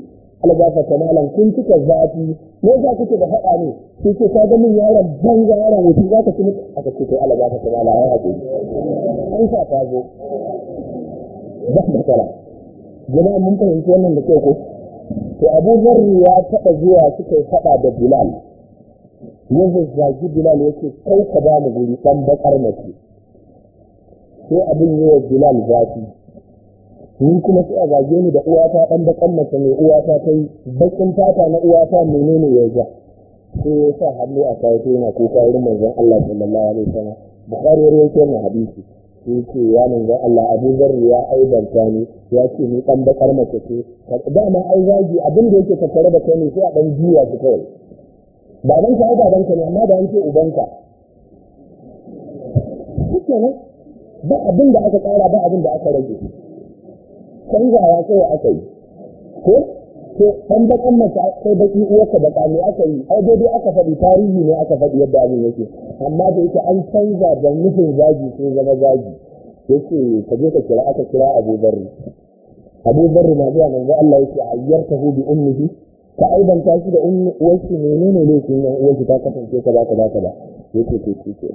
[SPEAKER 1] algafa ta malam kun cika zafi ne za kuke da haɗa ne sai ce ka min yaron banza yaron wuce za ka ci mutu aka ce kai ta malam ya ce an sa ta zo da matsala jama'a mun fahimci wannan da kyau ko to abu zarri ya taɓa zuwa suka yi faɗa da bilal ya zazzagi bilal ya ce kai ka ba mu guri ɗan bakar mace sai abin yi wa bilal zafi ni kuma sai a zage ni da uwata ɗan bakan mace mai uwata ta yi bakin fata na uwata menene ya ja sai ya sa hannu a kayan yana kuka wurin manzon Allah sallallahu alaihi wasallam bukhari ya rawaito hadisi ce ya ga Allah Abu Zarri ya aibanta ni ya ce ni dan bakar mace ce ma ai zagi abin da yake tattare da kai ne sai a dan jiya shi kawai dan ka dan ka ne amma da an ce ka. kike ne ba abin da aka kara ba abin da aka rage ya kai aka yi ko ko dan bakan nan sai baki uwarsa da kani aka yi ai dai aka faɗi tarihi ne aka faɗi yadda abin yake amma da yake an canza da nufin zagi sun zama zagi yake ka je ka kira aka kira Abu Barri Abu Barri na zuwa manzo Allah yake ayyartahu bi ummihi ka ta shi da ummi uwarki menene laifin yan uwarki ta kasance ka ba ka ba ka ba yake ke ke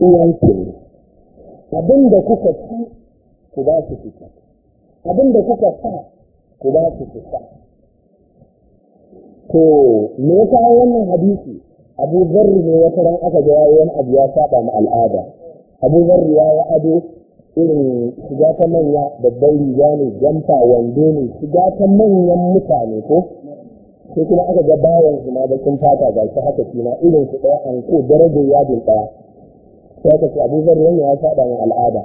[SPEAKER 1] uwanku ne abin da kuka ci ku ba su fita abin kuka sa ku ba su fita to me yasa wannan hadisi abu zarri ne wata ran aka ga wani abu ya saba mu al'ada abu zarri ya yi ado irin shiga ta manya babban riga ne jamfa wando ne shiga ta manyan mutane ko sai kuma aka ga bayan su ma bakin fata ga shi haka shi irin su ɗaya an ko darajar yadin ɗaya sai ce ya saba al'ada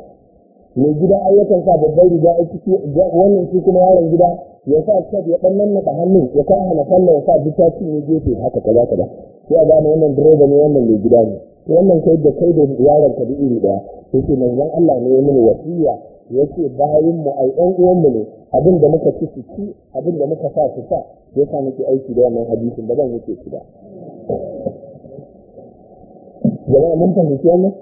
[SPEAKER 1] mai gida ayyukan sa babban riga a ciki wannan shi kuma yaron gida ya sa shaf ya dan nanna hannun ya kan hana sallah ya sa bitaci ne gefe haka ka da sai a gane wannan direba ne wannan mai gida ne wannan kai da kai da yaron ka iri daya yace manzon Allah ne ya mini wasiya ce bayan mu ai uwan mu ne abin da muka ci su ci abin da muka sa su sa yasa muke aiki da wannan hadisin ba zan wuce shi ba jama'a mun fahimci wannan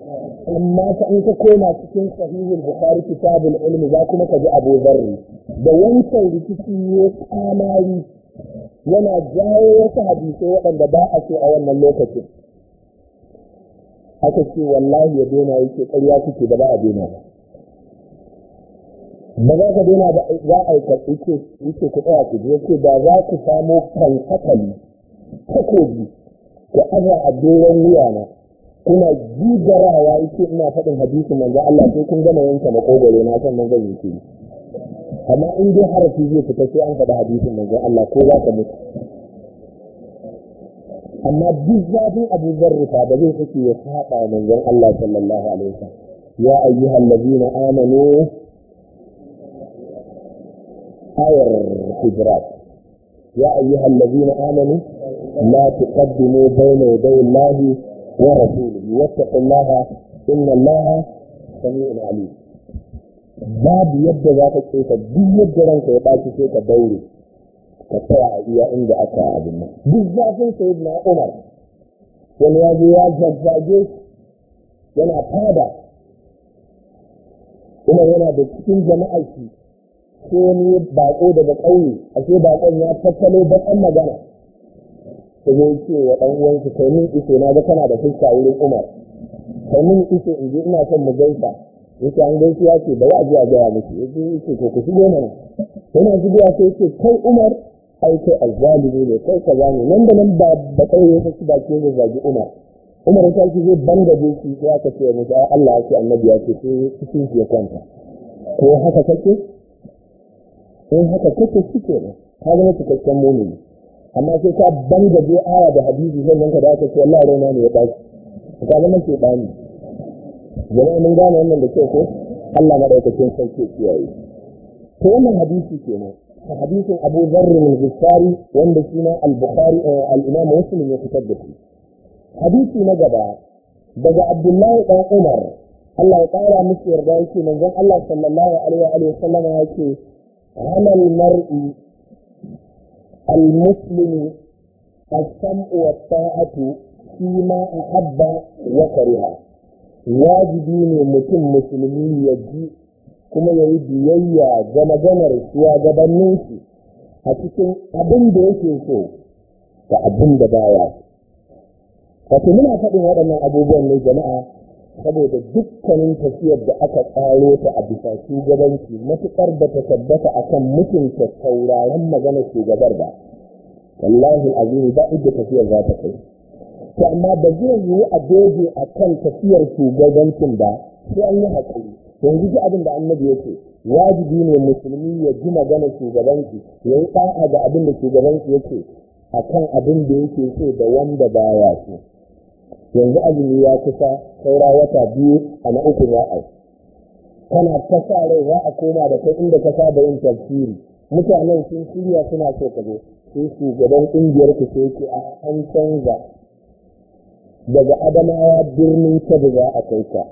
[SPEAKER 1] amma ka in ka koma cikin sahihul bukhari kitabul ilmi za kuma ka ji abu zarri da wancan rikici ne kamari yana jawo wasu hadisai waɗanda ba a so a wannan lokacin aka ce wallahi ya daina yake ƙarya kuke da ba a daina ba ba za ka daina ba za a yi karɓi yake ku tsaya ku je ce ba za ku samo kan takobi ku aza a doron wuya na kuna gidarawa yake ina faɗin hadisin manzo Allah sai kun gama yanka makogoro na san nan zan yi amma in dai harafi zai fita sai an faɗa hadisin manzo Allah ko za ka mutu amma duk zafin Abu Zarrufa da zai sake ya saba manzon Allah sallallahu alaihi wasallam ya ayyuhal ladina amanu ayar hijrat ya ayyuhal ladina amanu la tuqaddimu bayna yaday Allahi ورسوله واتقوا الله إن الله سميع عليم babu yadda za ka keta duk yadda zan ya baki sai ka daure ka tsaya a iya inda aka abin nan duk zafin sayid na umar wani ya je ya zazzage yana fada umar yana da cikin jama'ar shi sai wani bako daga ƙauye ashe bakon ya tattalo bakan magana sai ya ce wa ɗan uwansa kai min iso na ga kana da fuska wurin umar kai min iso in je ina son mu gaisa yake an gaisa ya ce bari a je a gaya miki ya je yake ko ku shigo mana yana zuwa sai ya ce kai umar ai kai azzalimi ne kai kaza ne nan da nan ba ba kai ya fashi ba ke zagi umar umar ta ce zai banga doki ya ka ce mu sai Allah ya ce annabi ya ce sai cikin ya kwanta ko haka kake in haka kake kike ne ka zama cikakken mumini amma sai ka ban da je aya da hadisi nan ka da aka ce wallahi rauna ne ya tashi ka ga nan ke bani yana mun gane wannan da kyau ko Allah madaukakin sarki kiyaye to wannan hadisi kenan hadisin Abu Dharr min Bukhari wanda shi ne al-Bukhari eh, al-Imam Muslim ya fitar da shi hadisi na gaba daga Abdullahi dan Umar Allah ya ƙara musu yarda yake manzon Allah sallallahu alaihi wa alihi sallama yake amal mar'i المسلم shi ma فيما أحب وكره wajibi ne mutum musulmi ya ji kuma ya yi biyayya ga maganar shugabannin shi a cikin abin da yake so da abin da baya so. Wato faɗin waɗannan abubuwan ne jama'a saboda dukkanin tafiyar da aka tsaro ta a bisa shugabanci matuƙar da ta tabbata a kan mutunta tauraron maganar shugabar ba wallahi azimi ba inda tafiyar za ta kai to amma ba zai yiwu a doge a kan tafiyar shugabancin ba sai an yi haƙuri yanzu ji abin da annabi ya ce wajibi ne musulmi ya ji maganar shugabanci ya yi ɗa'a ga abin da shugabanci ya ce a kan abin da yake so da wanda baya so yanzu azumi ya kusa saura wata biyu a na uku za a kana ta sa rai za a koma da kai inda ka da yin tafsiri mutanen sun shirya suna so ka zo sai shugaban ƙungiyar ku sai ke an canza daga adamawa birnin kebe za a kai ka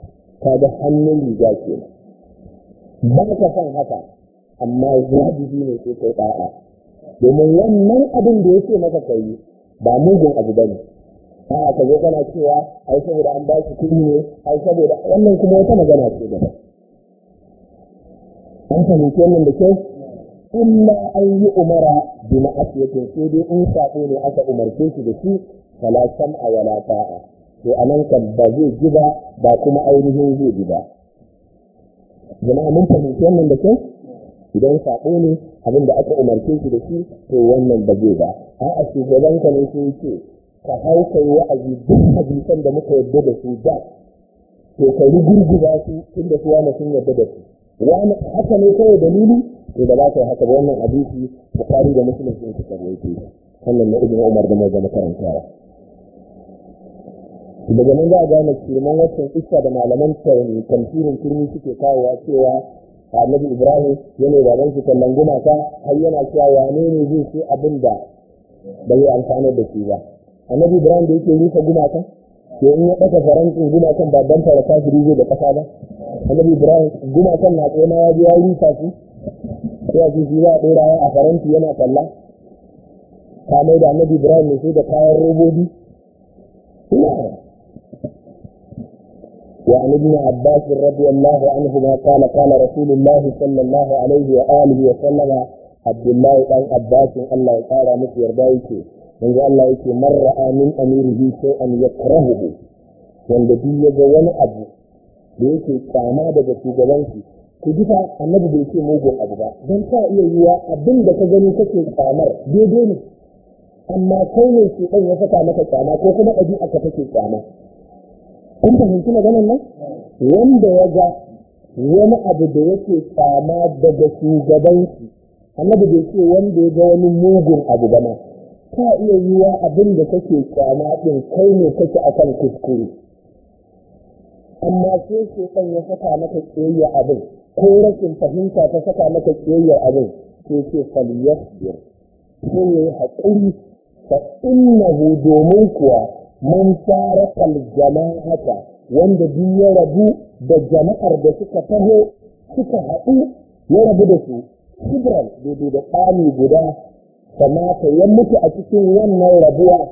[SPEAKER 1] ka ga hannun riga ke ba ka san haka amma wajibi ne sai kai ɗa'a domin wannan abin da yake maka kai ba mugun abu ba ne. a'a ka zo kana cewa ai saboda an ba shi kuɗi ne ai saboda wannan kuma wata magana ce gaba an fahimci wannan da kyau illa an yi umara bi ma'asiyatin sai dai in saɓo ne aka umarce shi da shi fala sam'a wala ta'a to anan kan ba zai ji ba ba kuma ainihin zai ji ba jama'a mun fahimci wannan da kyau idan saɓo ne abin da aka umarce shi da shi to wannan ba zai ba a'a shugaban ka ne sai ce ka hau kai wa'azi duk hadisan da muka yadda da su da to gurgu ba su inda su wani sun yadda da su wani haka ne kawai dalili to da za ka yi haka ba wannan hadisi bukari da musulun sun suka ke sannan na ibn umar da mai zama karantawa daga nan za a gane kirman wancan iska da malaman tamfirin turmi suke kawowa cewa annabi ibrahim yana baban shi kallon gumaka har yana cewa wane ne zai ce abin da bai amfanar da shi ba annabi ibrahim da yake rusa gumakan to in ya ɗaga farantin gumakan ba dan fara kafiri zai da ƙasa ba annabi ibrahim gumakan na tsaye ma ya je ya rusa su sai a ji shi ya a ɗora a faranti yana kalla ka mai da annabi ibrahim ne sai da kayan robobi ina وعن ابن عباس رضي الله عنهما قال قال رسول الله صلى الله عليه وآله وسلم عبد الله بن عباس الله تعالى مثل يرضى manzo Allah yake amin ra'a min amirihi shay'an yakrahuhu wanda duk ya ga wani abu da yake kama daga shugabanci ku ji fa annabi bai ce mugun abu ba don ta iya yiwa abin da ka gani kake kamar daidai ne amma kai ne shi ɗan ya saka maka kyama ko kuma ɗabi'a ka take kyama kun fahimci maganar nan wanda ya ga wani abu da yake kyama daga shugabanci annabi bai ce wanda ya ga wani mugun abu ba ma Ka iya yiwa abin da kake kwana ɗin kai ne kake akan kuskure amma sai shaitan ya saka maka tsoyi abin ko rashin fahimta ta saka maka tsoyi abin sai ce biyar. ko ya yi haƙuri fa innahu domin kuwa man faraka jama'ata wanda duk ya rabu da jama'ar da suka taho suka haɗu ya rabu da su kibran daidai da tsami guda kamata ya mutu a cikin wannan rabuwa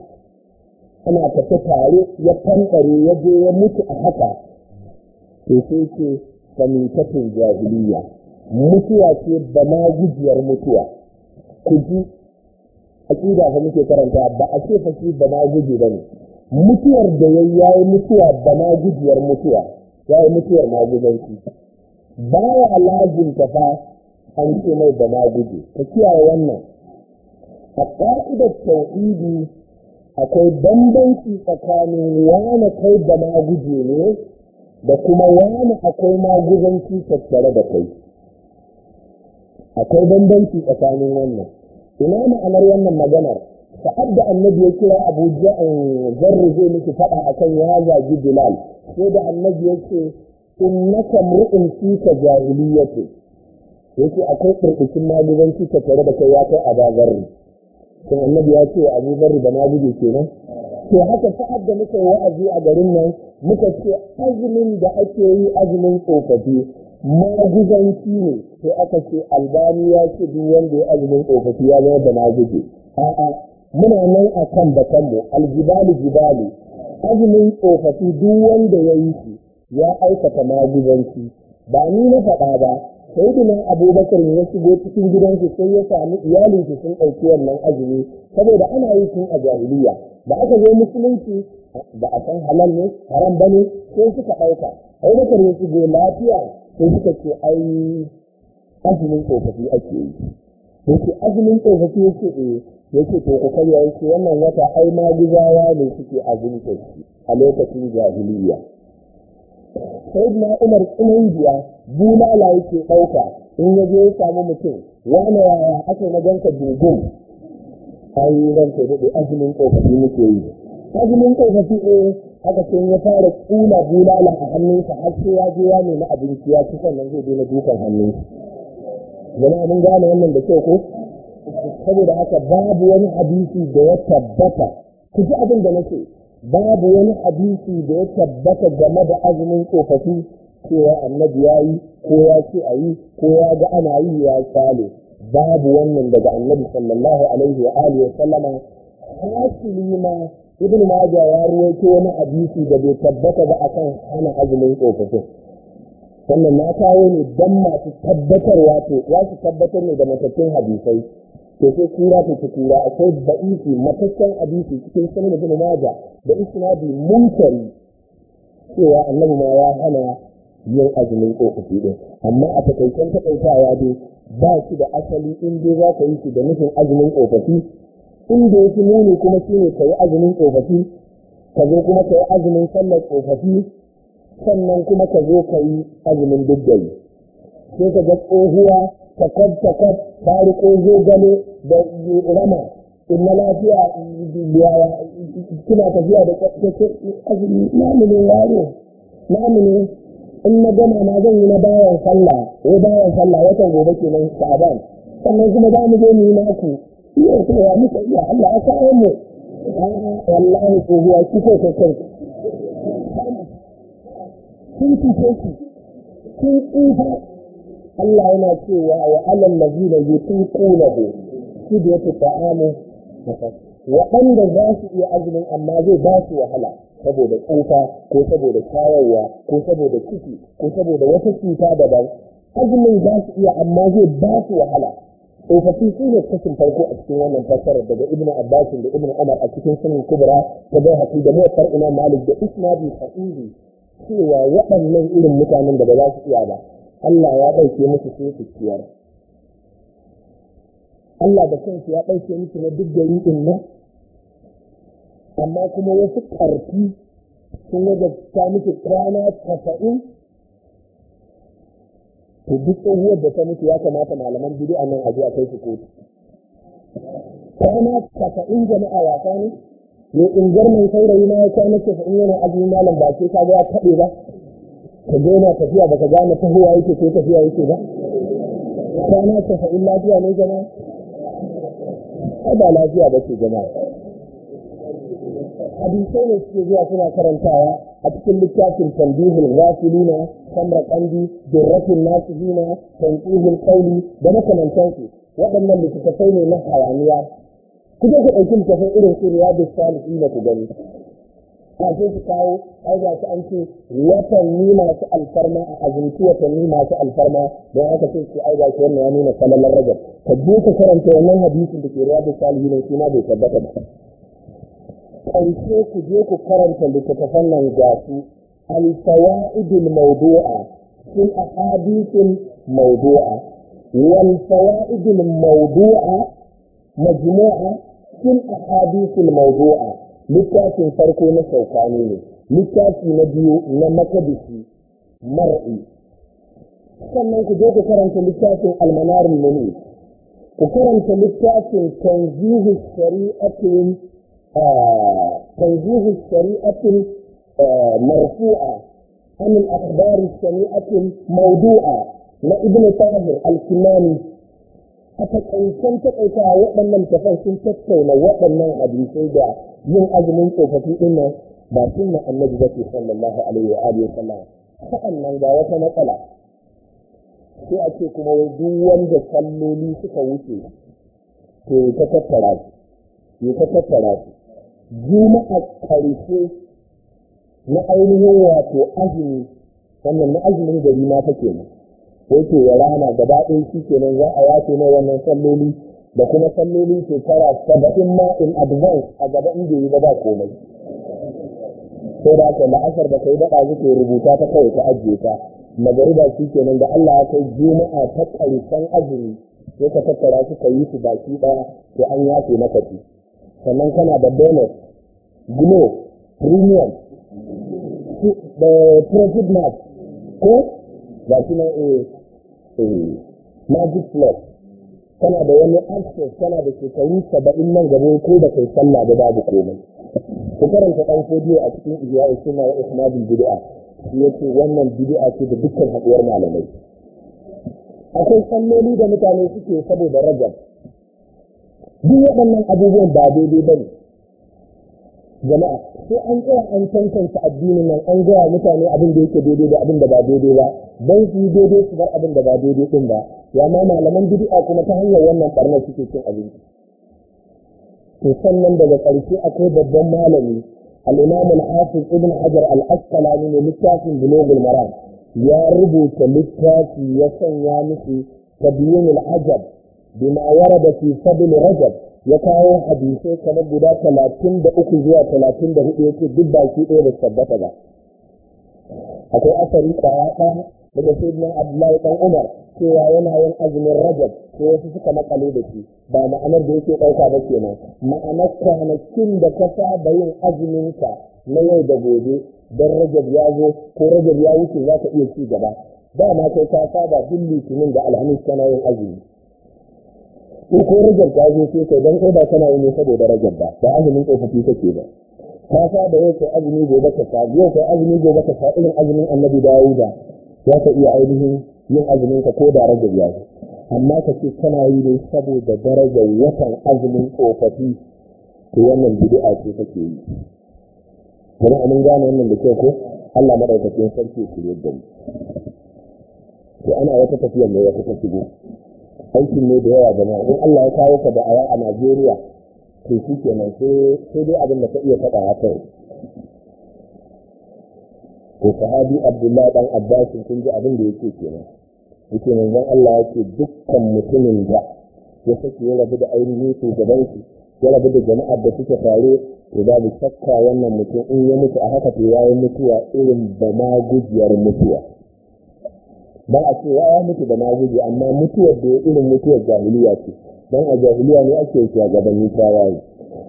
[SPEAKER 1] ana tafi tare ya fanɗare ya je ya mutu a haka to sai ce kamintatin jahiliya mutuwa ce ba ma gujiyar mutuwa ku ji aƙida ka muke karanta ba a ce fa ba ma guji ba ne mutuwar da ya yi mutuwa ba ma gujiyar mutuwa ya yi mutuwar maguzanci ba ya lajin ta fa an ce mai ba ma guji ka kiyaye wannan a ƙa'idar tauhidi akwai bambanci tsakanin wani kai da guje ne da kuma wani akwai maguzanci tattare da kai akwai bambanci tsakanin wannan ina ma'anar wannan maganar sa'ad da annabi ya kira abu zarri zai miki faɗa akan ya zagi bilal sai da annabi ya ce innaka mur'in fi ka Ya ce akwai ɗirɗikin maguzanci tattare da kai ya kai a bazarri kun annabi ya ce abu bari da na buge kenan to haka sa'ad da muka yi wa'azi a garin nan muka ce azumin da ake yi azumin tsofaffi maguzanci ne sai aka ce albani ya ce duk wanda ya azumin tsofaffi ya zama da maguje a'a muna nan a kan da mu aljibalu jibalu azumin tsofaffi duk wanda ya yi shi ya aikata maguzanci ba ni na faɗa ba sayyidina abubakar ya shigo cikin gidansu sai ya sami iyalinsu sun ɗauki wannan azumi saboda ana yi tun a jahiliya da aka zo musulunci ba a san halal ne haram ba ne sai suka ɗauka abubakar ya shigo lafiya sai suka ce ai azumin tsofaffi ake yi ce azumin tsofaffi ya yake eh ce to ku ya yake wannan wata ai ma gizawa ne suke azumin tsofaffi a lokacin jahiliya sayyidina umar ƙungiya juna bulala yake ɗauka in ya je ya samu mutum wani yaya aka na ganka dogon ayi ran ka daɗe azumin kokafi muke yi azumin kokafi eh haka sai ya fara kula bulala a hannunsa har sai ya je ya nemi abinci ya ci sannan zai na dukan hannun jama'a mun gane wannan da kyau ko saboda haka babu wani hadisi da ya tabbata ku abin da nake babu wani hadisi da ya tabbata game da azumin tsofaffi cewa annabi ya yi ko ya ce a yi ko ya ga ana yi ya sale babu wannan daga annabi sallallahu alaihi wa alihi wa sallama hasili ma Ibn majah ya ruwaito wani hadisi da bai tabbata ba akan hana azumin tsofaffi sannan na kawo ne dan masu tabbatarwa to za tabbatar ne da matattun hadisai to sai kura ta ke kura akwai ba'isi matakan abisi cikin sanin da da isnadi munkari cewa annabi ma ya hana yin azumin kokofi din amma a takaicen ya dai ba shi da asali in dai za ka yi shi da nufin azumin kokofi in da yake muni kuma shine ka yi azumin kokofi ka zo kuma ka yi azumin sallar kokofi sannan kuma ka zo ka yi azumin duk sai ka ga tsohuwa takwab takwab ta zo zogale da rama in na lafiya yaya kina tafiya da azumi na gama zan yi na bayan sallah ko bayan sallah watan gobe kenan sa'adan. sannan kuma za mu zo mu yi naku iya sai muka iya Allah mu ki Allah yana cewa wa alal ladina yutiqunahu fidyatu ta'amu waɗanda za su iya azumin amma zai ba su wahala saboda tsufa ko saboda shayarwa ko saboda ciki ko saboda wata cuta daban azumin za su iya amma zai ba su wahala tsofaffi su ne kashin farko a cikin wannan fassarar daga ibnu abbas da ibnu umar a cikin sunan kubra ta bai haƙi da muwaffar imam malik da isnadi sa'idi cewa waɗannan irin mutanen da ba za su iya ba Allah ya ɗauke musu sun su ciyar Allah da kansu ya ɗauke musu na duk gari ɗin nan amma kuma wasu ƙarfi sun ta musu rana tasa'in to duk tsohuwar da ta mutu ya kamata malaman a nan a a kai su kotu kwana tasa'in jama'a wasa ne ne in mai saurayi na ya kwana tasa'in yana azumin malam ba sai ka ga ya kaɗe ba ka je yana tafiya baka gane tahowa yake ko tafiya yake ba kwana tasa'in lafiya ne jama'a ai ba lafiya ba ce jama'a hadisai ne suke zuwa suna karantawa a cikin littafin tambihul ghafilina samra qandi durratul nasihina tanqihul qawli da makamantan su waɗannan littattafai ne na hayaniya ku je ku ɗauki littattafai irin su riyadus salihin da ku gani kafin su kawo ai ga an ce watanni masu alfarma a azumci watanni masu alfarma don haka sai su ai ga shi wannan ya nuna kalalar rajab ka je ka karanta wannan hadisin da ke riyadu salihin shi ma bai tabbata ba ƙarshe ku je ku karanta littattafan nan ga su al-fawaidul mawdu'a sun ahadithul mawdu'a wal fawaidul mawdu'a majmu'a sun ahadithul mawdu'a littafin farko na shaukani ne littafi na biyu na makadisi mar'i sannan ku je ku karanta littafin almanarin muni ku karanta littafin tanzihu shari'atin tanzihu shari'atin marfu'a an al-akhbar shari'atin mawdu'a na ibn tahir al-kimani a takaicen takaita waɗannan tafan sun tattauna waɗannan hadisai da yin azumin tsofaffi ɗin nan ba na annabi ke sallallahu alaihi wa alihi wasallam sa'annan ga wata matsala sai a ce kuma wai duk wanda salloli suka wuce to ta tattara su ya ta tattara su juma'a karshe na ainihin wato azumi wannan na azumin gari ma take ne ke ya rana gaba ɗaya shi kenan za a yace mai wannan salloli da kuma sallolin shekara saba'in ma in advance a gaba in ya yi ba komai sai da aka la'asar da kai daɗa zuke rubuta ta kawai ta ajiye ta magariba shi kenan da Allah ya kai juma'a ta ƙarshen azumi sai ka tattara su ka yi su baki ɗaya to an yafe maka ci sannan kana da bonus glo premium da profit ko ga shi eh, eh magic plus kana da wani access kana da shekaru saba'in nan gaba ko da kai sallah da babu komai ku karanta ɗan fodiyo a cikin iyaye suna wa isnadul bid'a ya ce wannan bid'a ce da dukkan haɗuwar malamai akwai salloli da mutane suke saboda rajab duk waɗannan abubuwan ba daidai ba ne jama'a sai an tsaya an tantance addinin nan an gaya mutane abin da yake daidai da abin da ba daidai ba dan su daidai su bar abin da ba daidai ɗin ba ya ma malaman bid'a kuma ta hanyar wannan ɓarnar suke cin abinci to sannan daga ƙarshe akwai babban malami al-imam al-hafiz ibn hajar al-asqalani ne littafin bulugul maram ya rubuta littafi ya sanya miki tabiyin al-ajab bima warada fi fadl rajab ya kawo hadisai kamar guda talatin da uku zuwa talatin da hudu yake duk baki ɗaya da tabbata ba akwai asari kwaya ɗaya daga sayyidina abdullahi ɗan umar cewa yana yin azumin rajab ko wasu suka makale da shi ba ma'anar da yake ɗauka ba ke nan. ma'anar kwanakin da ka saba yin azumin ka na yau da gobe don rajab ya zo ko rajab ya wuce za ka iya ci gaba dama kai ka saba duk litinin da alhamis kana yin azumi ko ko rajab ta zo sai kai don kai ba kana yi ne saboda rajab ba ba azumin tsofaffi kake ba ka da yau kai azumi gobe ka sa yau kai azumi gobe ka sa irin azumin annabi dawuda za ka iya ainihin yin azumin ka ko da rage ya amma ka ce kana yi ne saboda darajar watan azumin tsofaffi to wannan bid'a ce kake yi kuma mun gane wannan da kyau ko Allah madaukakin sarki ku yadda mu to ana wata tafiya mai wata ta shigo aikin ne da yawa jama'a in Allah ya kawo ka da aya a Najeriya to shi nan sai dai abin da ka iya faɗa ya kai ko sahabi abdullahi ɗan abbasin sun ji abin da ya ce kenan yake manzon Allah ce dukkan mutumin da ya sake ya rabu da ainihin gaban shi ya rabu da jama'ar da suke tare to babu shakka wannan mutum in ya mutu a haka to ya yi mutuwa irin da magujiyar mutuwa ba a ce ya mutu da maguji amma mutuwar da ya irin mutuwar jahiliya ce dan a jahiliya ne ake yi gabanin tawaye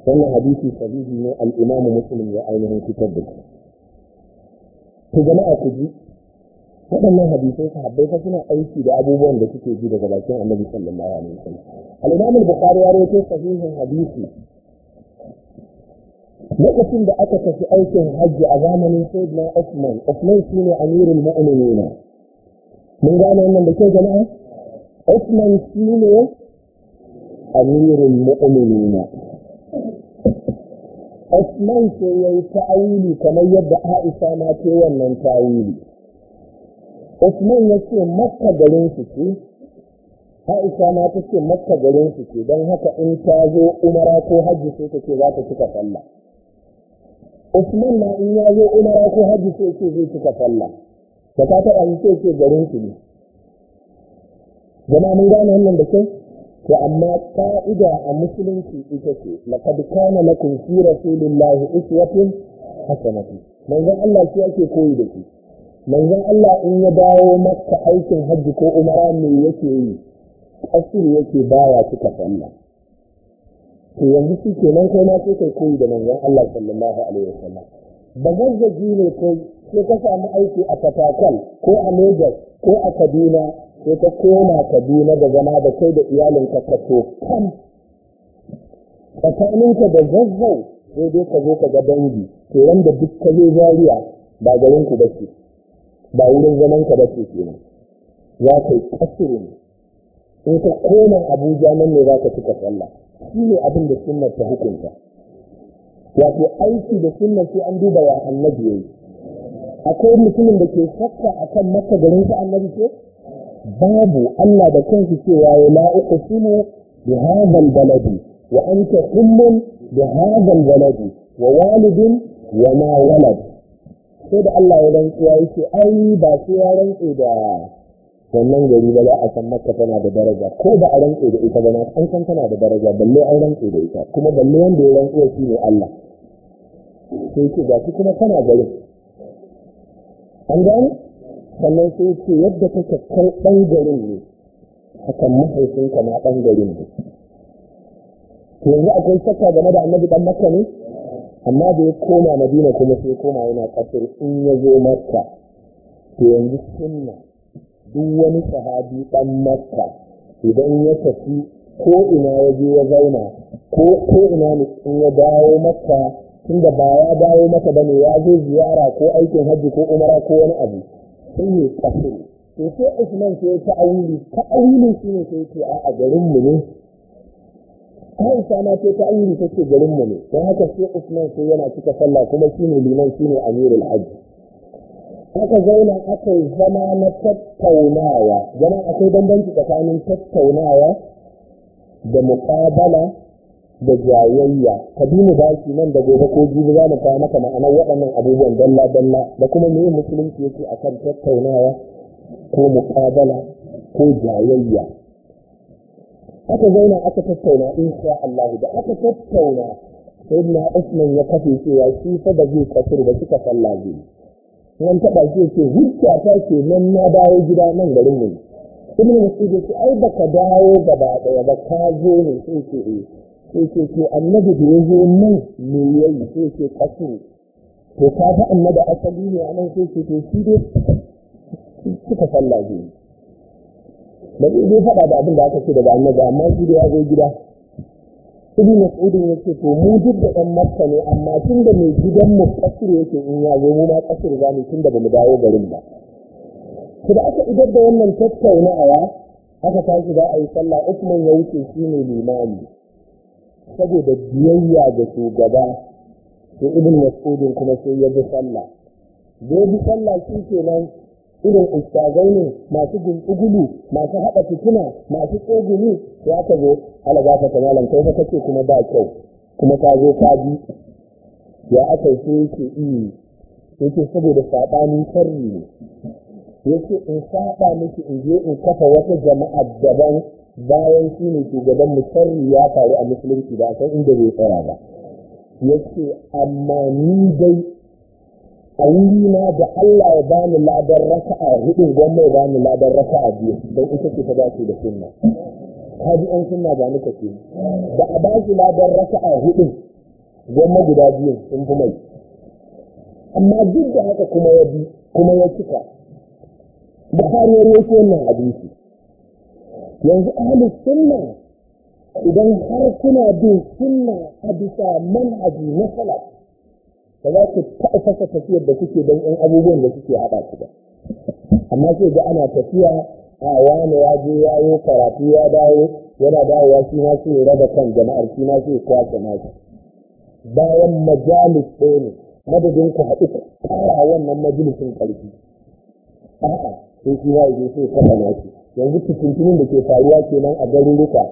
[SPEAKER 1] wannan hadisi sahihi ne al-imam muslim ya ainihin fitar da shi to jama'a ku ji waɗannan hadisai su ka suna aiki da abubuwan da suke ji daga bakin annabi sallallahu alaihi wasallam al-imam al-bukhari ya rawaito sahihin hadisi lokacin da aka tafi aikin hajji a zamanin sayyidina Usman Usman shine amirul ne. mun gane wannan da ke jama'a Usman shine amirul mu'minina Osman ce ya yi ta'awili kamar yadda Aisha ma ce wannan ta'awili. Osman ya ce makka garin su ce, Aisha ma ta ce makka garin su ce don haka in ta zo umara ko hajji sai ta ce za ta cika falla. Usman na in ya zo umara ko hajji sai ce zai cika falla, Da ta taɓa sai ce garin su ne. Jama'a mun gane wannan da kai. to amma ka'ida a musulunci ita ce laqad kana lakum fi rasulillahi uswatun man manzon Allah shi ake koyi da shi manzon Allah in ya dawo maka aikin hajji ko umara ne yake yi kasir yake baya cika sallah to yanzu shi kenan kai na sai kai koyi da manzon Allah sallallahu alaihi wasallam ba gaggaji ne kai sai ka samu aiki a Fatakwal ko a Lagos ko a Kaduna sai ka koma kaduna da zama da kai da iyalinka ka to tsakaninka da zazzau sai dai ka zo ka ga dangi to wanda duk ka zo zariya ba garinku ba ce ba wurin zamanka ba ce kenan za ka yi kasirin in ka koma abuja nan ne za ka cika sallah shi ne abin da sunnar ta hukunta wato aiki da sunnar sai an duba ya annabi yayi akwai mutumin da ke shakka akan maka garin ka annabi ce babu Allah da kansu cewa ya la uqsimu da hadha baladi wa anta kullum da baladi wa walidin wa ma walad sai da Allah ya rantsuwa yake ai ba su ya rantsu da wannan gari ba za a san maka tana da daraja ko ba a rantsu da ita ba na an san tana da daraja balle an rantsu da ita kuma balle wanda ya rantsu shi ne Allah sai ce ga shi kuma tana garin an gani? sannan sai ce yadda kake kai ɗan garin ne hakan mahaifinka na ɗan ne to yanzu akwai shakka game da annabi ɗan makka ne amma da ya koma madina kuma sai koma yana kasar in ya zo makka to yanzu sunna duk wani sahabi ɗan makka idan ya tafi ko ina ya je ya zauna ko ko ina ne in ya dawo makka tunda ba ya dawo maka ne, ya zo ziyara ko aikin hajji ko umara ko wani abu sai ne kafin, to sai Usman sai ta auli ta auli shi ne sai ce a garin mu ne sai ma sai ta auli ta ce garin mu ne don haka sai Usman sai yana cika sallah kuma shi ne liman shi ne amirul hajji aka zauna aka zama na tattaunawa zama akwai bambanci tsakanin tattaunawa da muƙabala da jayayya ka bi mu baki nan da gobe ko jibi za mu kawo maka ma'anar waɗannan abubuwan dalla dalla da kuma me musulunci yake a kan tattaunawa ko muƙabala ko jayayya aka zauna aka tattauna in sha Allah da aka tattauna sai na Usman ya kafe cewa shi fa da zai kasir da suka sallah zai nan taɓa shi ce hujja ta ce nan na dawo gida nan garin mu ibn Mas'ud ya ce ai baka dawo gaba ɗaya ba ka zo ne sai ce eh sai ce ce annabi da ya zo nan me sai ce kaso to ka fi annabi asali ne a nan sai ce to shi dai suka sallah zai ba zai faɗa da abin da aka ce daga annabi amma shi dai ya zo gida ibi mas'udin ya ce to mu duk da ɗan makka ne amma tun da mai gidan mu kasir yake in ya zo mu ma kasir za mu tun da ba mu dawo garin ba ku da aka idar da wannan tattaunawa aka tashi za a yi sallah usman ya wuce shi ne limami saboda biyayya ga shugaba sai ibn mas'udin kuma sai ya bi sallah zai bi sallah shi kenan irin ustazai ne masu guntsugulu masu haɗa fitina masu tsogini ya ka zo ala za ka kamalan kai ta kace kuma ba kyau kuma ta zo ka bi ya aka yi yake iya yake saboda saɓanin sarri ne ce in saɓa miki in je in kafa wata jama'a daban bayan shi ne shugaban musarri ya faru a musulunci ba a san inda bai tsara ba ya ce amma ni dai a wuri na da Allah ya bani ladar a hudu gwamma ya bani ladar a biyu don ita ce ta dace da sunna ji an sunna ba muka ce da a ba shi ladar a hudu gwamma guda biyu sun fi mai amma duk da haka kuma ya bi kuma ya cika Bukhari ya rawaito wannan hadisi yanzu ahlus sunna idan har kuna bin sunna a bisa manhaji na salat ba za ku taɓa fasa tafiyar da kuke don yan abubuwan da suke haɗa su ba amma sai ga ana tafiya a wani ya je ya yi karatu ya dawo yana dawowa shi ma sai raba kan jama'ar shi ma sai kwace nashi bayan majalis ɗaya ne madadin ku haɗu ku ƙara wannan majalisin ƙarfi a'a sai shi ma sai kwaɗa yanzu fitintunin da ke faruwa kenan a garuruka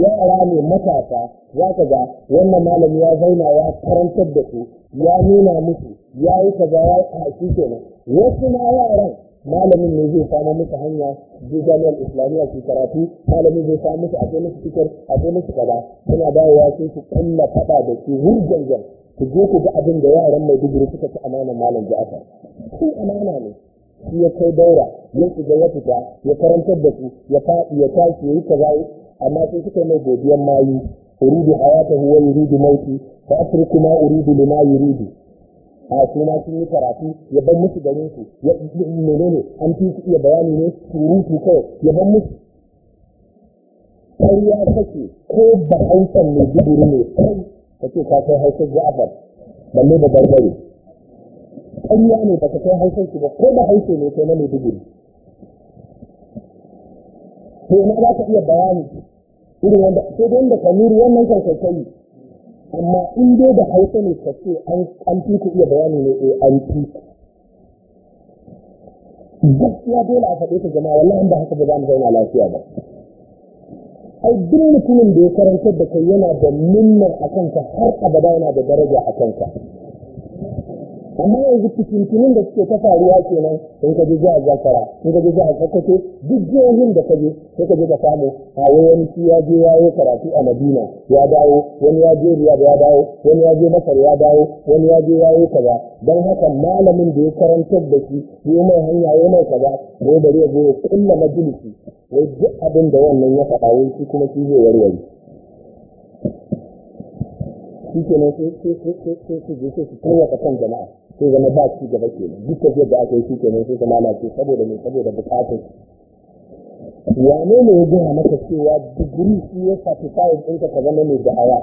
[SPEAKER 1] yara ne matasa za ka ga wannan malami ya zauna ya karantar da su ya nuna musu ya yi kaza ya haƙi kenan wasu na yaran malamin ne zai samu musu hanya zai jami'ar islamiyya su karatu malamin zai samu musu aje musu a aje musu kaza suna dawowa sai su kalla faɗa da su wurjan jan ku je ku ga abin da yaran mai digiri suka ci amanar malam ja'afar ko amana ne shi ya kai daura yin shiga ya fita ya karantar da su ya faɗi ya tashi ya yi kaza amma sai suka mai godiyar mayu uridu hayatahu huwa uridu mauti ta asriku ma uridu lima uridu a suna sun yi karatu ya ban musu garin su ya ne. an fi su iya bayani ne surutu kawai ya ban musu sai ya ko ba hausan ne gudu ne kai kace ka hausar za'afar balle da barbare ƙarya ne ba kai haifar shi ba ko da haifar ne kai na mai digiri to na za ka iya bayani irin wanda ko da wanda wannan kan kai amma in dai da haifar ne ka ce an fi ku iya bayani ne eh an fi ku gaskiya dole a faɗe ta jama'a wallahi ba haka ba za mu lafiya ba ai duk mutumin da ya karantar da kai yana da minnar a kanka har abada yana da daraja a kanka amma yanzu fitintunin da suke ta faruwa kenan in ka je jihar zakara in ka je jihar sokoto duk jihohin da ka je sai ka je ka samu a wani ya je ya yi karatu a madina ya dawo wani ya je riyad ya dawo wani ya je masar ya dawo wani ya je ya yi kaza don haka malamin da ya karantar da shi ya mai hanya ya mai kaza ko bari ya zo ya kulla majalisi wai duk abin da wannan ya faɗa wai shi kuma shi zai warware shi kenan sai sai sai sai sai sai sai sai sai zama ba ci gaba ke duk tafiyar da aka yi shi kenan sai ta lalace saboda mai saboda bukatar wane ne ya gina maka cewa digiri shi ya satisfy ɗinka ka zama mai da'awa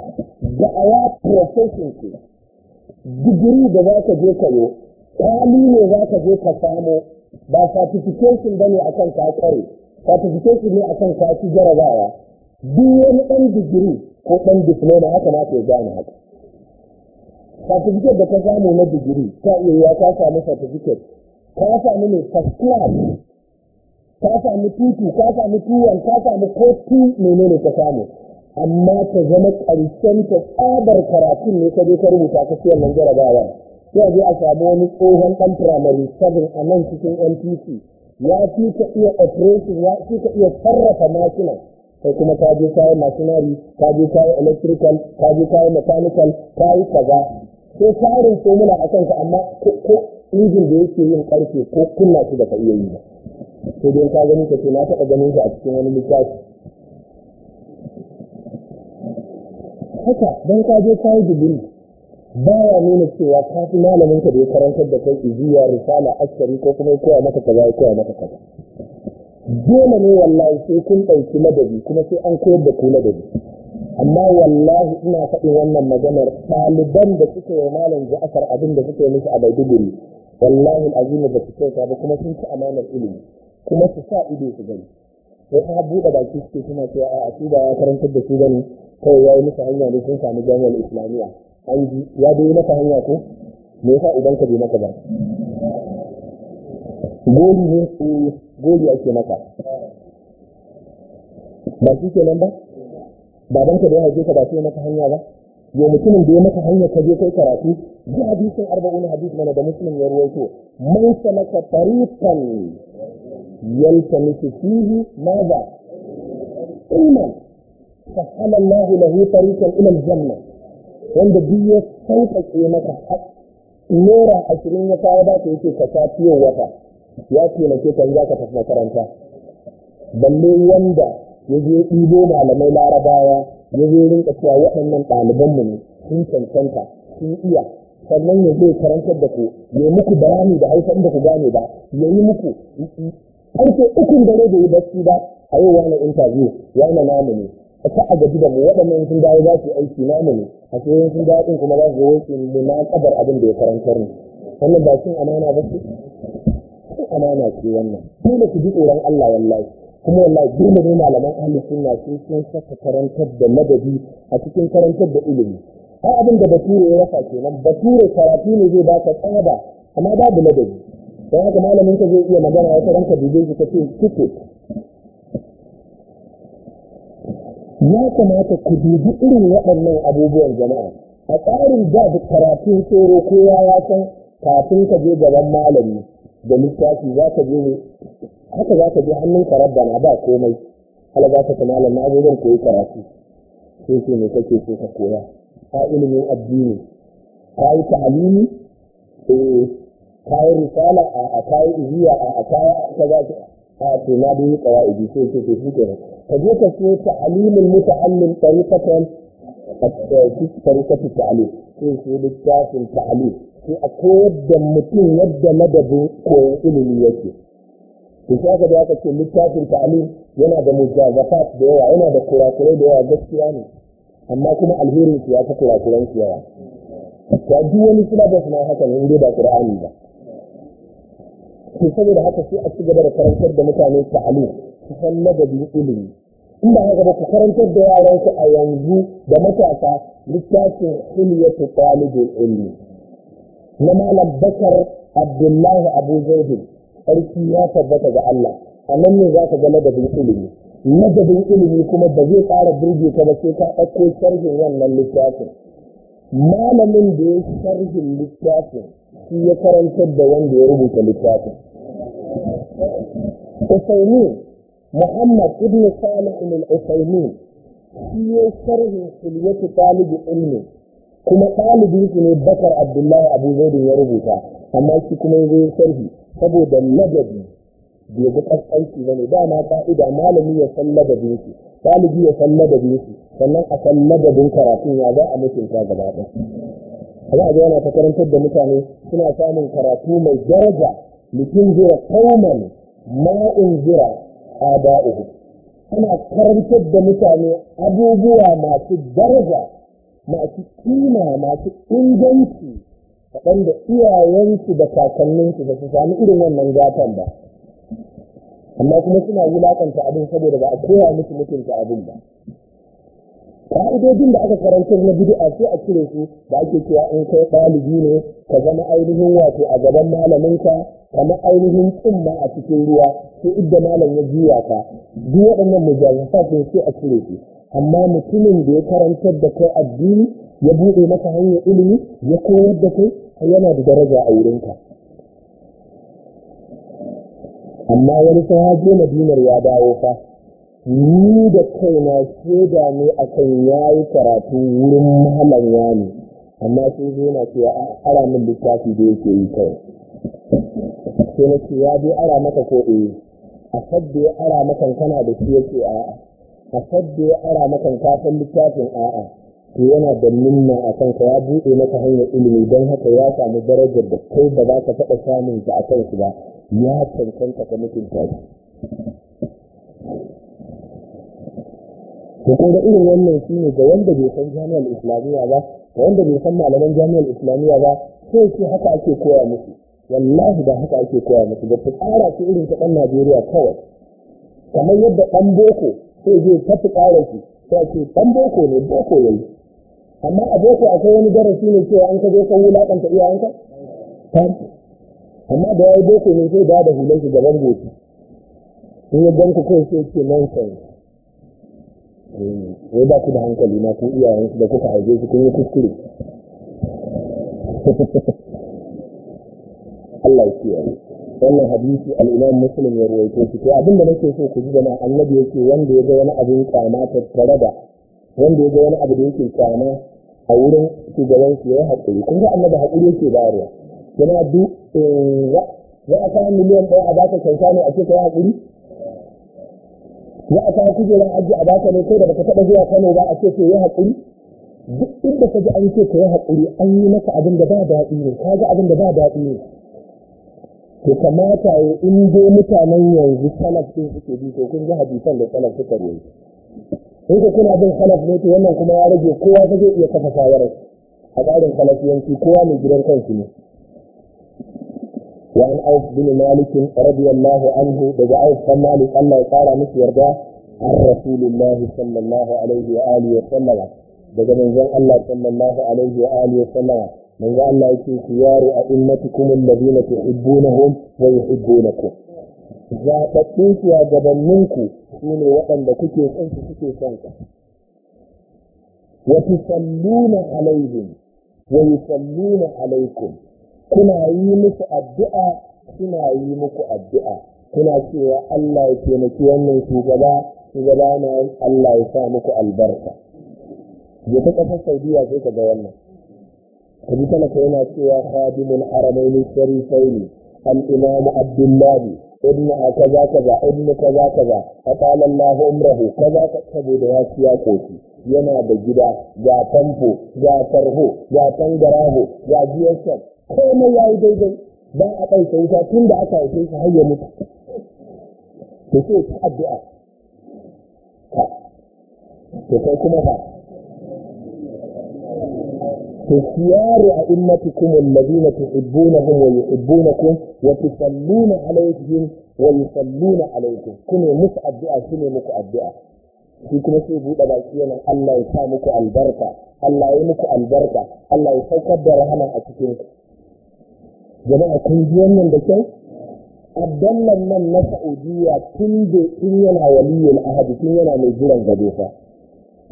[SPEAKER 1] da'awa profession ce digiri da za ka je kayo kwali ne za ka je ka samo ba certification ba ne a kan kakwari certification ne a kan kaci jarabawa duk wani ɗan digiri ko ɗan diploma haka na ke gane haka certificate da ka samu na digiri ta iya ka samu certificate ka samu ne first class ka samu tutu ka samu tuwon ka samu ko tu menene ka samu amma ta zama karshen ta tsabar karatun ne ka je ka rubuta ka siyar nan jarabawa sai a je a samu wani tsohon ɗan firamare sabin a nan cikin NPC ya fi ka iya operation ya fi ka iya sarrafa makina sai kuma ka je kayan machinery ka je kayan electrical ka je kayi mechanical ka yi kaza ko tarin muna a kanka amma ko injin da yake yin karfe ko kunna shi da ka iya yi ba sai don ka gani ka ce na taɓa ganin shi a cikin wani littafi haka don ka je ka yi ba ya nuna cewa ka fi malamin da ya karantar da kai iziya risala askari ko kuma ya koya maka kaza ya koya maka kaza dole ne wallahi sai kun ɗauki ladabi kuma sai an koyar da ku ladabi amma wallahi ina faɗin wannan maganar ɗaliban da suke wa malam ja'afar abin da suke mishi a baiduguri. wallahi azim da su kyauta ba kuma sun ci amanar ilimi kuma su sa ido su gani sai ta buɗe baki suke suna cewa a su ya karantar da su gani kawai ya yi musu hanya ne sun sami jami'ar islamiyya an ji ya dai maka hanya ko me yasa idan ka bi maka ba goli ne eh, goli ake maka ba shi nan ba babanka da ya haife ka ba sai maka hanya ba yau mutumin da ya maka hanyar ka je kai karatu ji hadisin arba'un hadis mana da muslim ya ruwaito man salaka tariqan yaltamisu fihi madha ilman sahala Allah lahu tariqan ila al-janna wanda biyu ya sauƙaƙe maka Nera ashirin ya kawo ba ka yake ka safiyar wata ya ke ka za ka tafi makaranta balle wanda ya je ɗibo malamai larabawa ya je rinka cewa waɗannan ɗalibanmu ne sun cancanta sun iya sannan ya zai karantar da ku ya muku bayani da haifar da ku gane ba ya yi muku karfe ukun dare da yi bacci ba a yau wani interview wani namu ne a ta a gaji da mu waɗannan sun dawo za su aiki namu ne a cikin sun dawo ɗin kuma za su zo su mu na kabar abin da ya karantar ne wannan ba sun amana ba su amana ce wannan dole ku ji tsoron Allah wallahi kuma wallahi girma ne malaman ahli sunna sun san saka karantar da madadi a cikin karantar da ilimi Ba abin da bature ya rasa kenan bature karatu ne zai baka tsada amma babu madadi don haka malamin ka zai iya magana ya ranka dube ka ce kike ya kamata ku dubi irin waɗannan abubuwan jama'a a tsarin da karatun tsoro kowa ya san kafin ka je gaban malami da littafi za ka je haka za ka je hannunka na ba komai hala za ka ta malam na abubuwan koyi karatu sai ce mai kake so ka koya ka ilimin addini ka yi ta'alimi eh ka yi risala a ka yi iziya a ka yi kaza a to na da yi qawaidi sai ce sai suke kenan ka je ka so mutu hannun tarikatan tarikatan ta'alim sai ce littafin ta'alim sai a koyar da mutum yadda ladabin koyon ilimi yake to sai ga da aka ce littafin ta'alim yana da mujazafat da yawa yana da kurakurai da yawa gaskiya ne amma kuma alherin su ya fi kurakuran su yawa ta duk wani da suna haka ne inda ba qur'ani ba to saboda haka sai a ci gaba da karantar da mutane ta'alim su san ladabin ilimi in ba haka ba ku karantar da yaran ku a yanzu da matasa littafin hilyatu talibul ilmi na malam bakar abdullahi abu zaidin sarki ya tabbata ga Allah a nan ne za ka ga ladabin ilimi ladabin ilimi kuma ba zai ƙara burge ka ba sai ka ɗauko sharhin wannan littafin malamin da ya sharhin littafin shi ya karantar da wanda ya rubuta littafin Usaini Muhammad ibn Salih ibn Usaini shi ya sharhin hilyatu talibi ilmi kuma shi ne Bakar Abdullahi Abu ya rubuta amma shi kuma ya zo sharhi saboda ladabi bai ga aiki ba ne dama ka'ida malami ya san ladabin shi ɗalibi ya san ladabin shi sannan a san ladabin karatun ya za a mutunta gaba ɗaya za a yana ta karantar da mutane suna samun karatu mai daraja mutum zira kauman ma'in zira, a ba'uhu ana karantar da mutane abubuwa masu daraja masu kima masu inganci da iyayensu da kakanninsu ba su sami irin wannan gatan ba amma kuma suna wulaƙanta abin saboda ba a koya musu mutunta abin ba ka'idojin da aka karantar na bid'a sai a cire su da ake cewa in kai ɗalibi ne ka zama ainihin wato a gaban malaminka kamar ainihin tsumma a cikin ruwa sai idda malam ya juya ka duk waɗannan mujahidin sun sai a cire su amma mutumin da ya karantar da kai addini ya buɗe maka hanyar ilimi ya koyar da kai yana da daraja a wurinka amma wani fa ya je madinar ya dawo fa ni da kaina shaida ne akan ya yi karatu wurin mahalan ya amma sai zai na ce a ara min littafi da yake yi kai sai na ce ya bi ara maka ko eh a sabbe ara makan kana da shi yake a'a a sabbe ara makan kafin littafin a'a yana da minna a kanka ya buɗe maka hanyar ilimi don haka ya samu darajar da kai ba za ka taɓa samun ta a kansu ba ya cancanta ka mutunta shi to ga irin wannan shi ne ga wanda bai san jami'ar islamiyya ba ga wanda bai san malaman jami'ar islamiyya ba sai shi haka ake koya musu wallahi da haka ake koya musu da tsara su irin ta ɗan Najeriya kawai kamar yadda ɗan boko sai zai tafi tsara shi sai ce ɗan boko ne boko yayi amma a boko akwai wani darasi ne cewa an ka je kan wulaƙanta iyayenka amma da yayi boko ne sai da da hulan shi gaban gobe in ya ganku kai sai ce nan sai eh, wai ba ku da hankali na ku iyayen da kuka haife su kun yi kuskure Allah ya kiyaye wannan hadisi al-Imam Muslim ya rawaito shi to abinda nake so ku ji jama'a annabi yake wanda ya ga wani abin kyama tattare da wanda ya ga wani abu da yake kyama a wurin shugaban su ya haƙuri kun ga annabi haƙuri yake bayarwa yana duk eh, za a kawo miliyan ɗaya a baka kyauta ne a ce kai haƙuri za a kawo kujerar aji a baka ne kai da baka taɓa zuwa kano ba a ce kai ya haƙuri duk inda ka ji an ce kai haƙuri an yi maka abin da ba daɗi ne ka ga abin da ba daɗi ne to kamata ya in dai mutanen yanzu salaf sun suke bi to kun ga hadisan da salaf suka rubuta in ka kuna bin salaf ne to wannan kuma ya rage kowa ta zai iya kafa shawarar a tsarin salafiyanci kowa mai gidan kansu ne wa an auf bin malikin radiyallahu anhu daga auf kan malik Allah ya kara yarda an rasulullah sallallahu alaihi wa alihi wa sallama daga manzon Allah sallallahu alaihi wa alihi wa sallama manzon Allah yake ku yaru a ummatikum alladhina tuhibbunahum wa yuhibbunakum zaɓaɓɓun shugabanninku su ne waɗanda kuke son su kuke son ka wa tusalluna alaihim wa yusalluna alaikum kuna yi musu addu'a suna yi muku addu'a kuna cewa Allah ya taimaki wannan shugaba shugaba na Allah ya sa muku albarka je ta kasar Saudiya sai ka ga wannan kaji talaka yana cewa khadimul haramaini sharifaini al-imamu abdullahi inna kaza kaza inna kaza kaza faqala Allahu umrahu kaza saboda ya ciya koki yana da gida ga famfo ga tarho ga tangaraho ga GSM komai yi daidai ba a ɗauke wuta tun da aka haife shi har ya mutu to sai ta addu'a to kai kuma fa خيار أئمتكم الذين تحبونهم ويحبونكم وتصلون عليهم ويصلون عليكم كن مسعد بها كن مكعد بها shi kuma sai buɗe baki yana Allah ya sa muku albarka Allah ya muku albarka Allah ya saukar da rahama a cikin ku jama'a kun ji wannan da kyau abdallan nan na Saudiya tun da tun yana waliyul ahadi tun yana mai jiran gado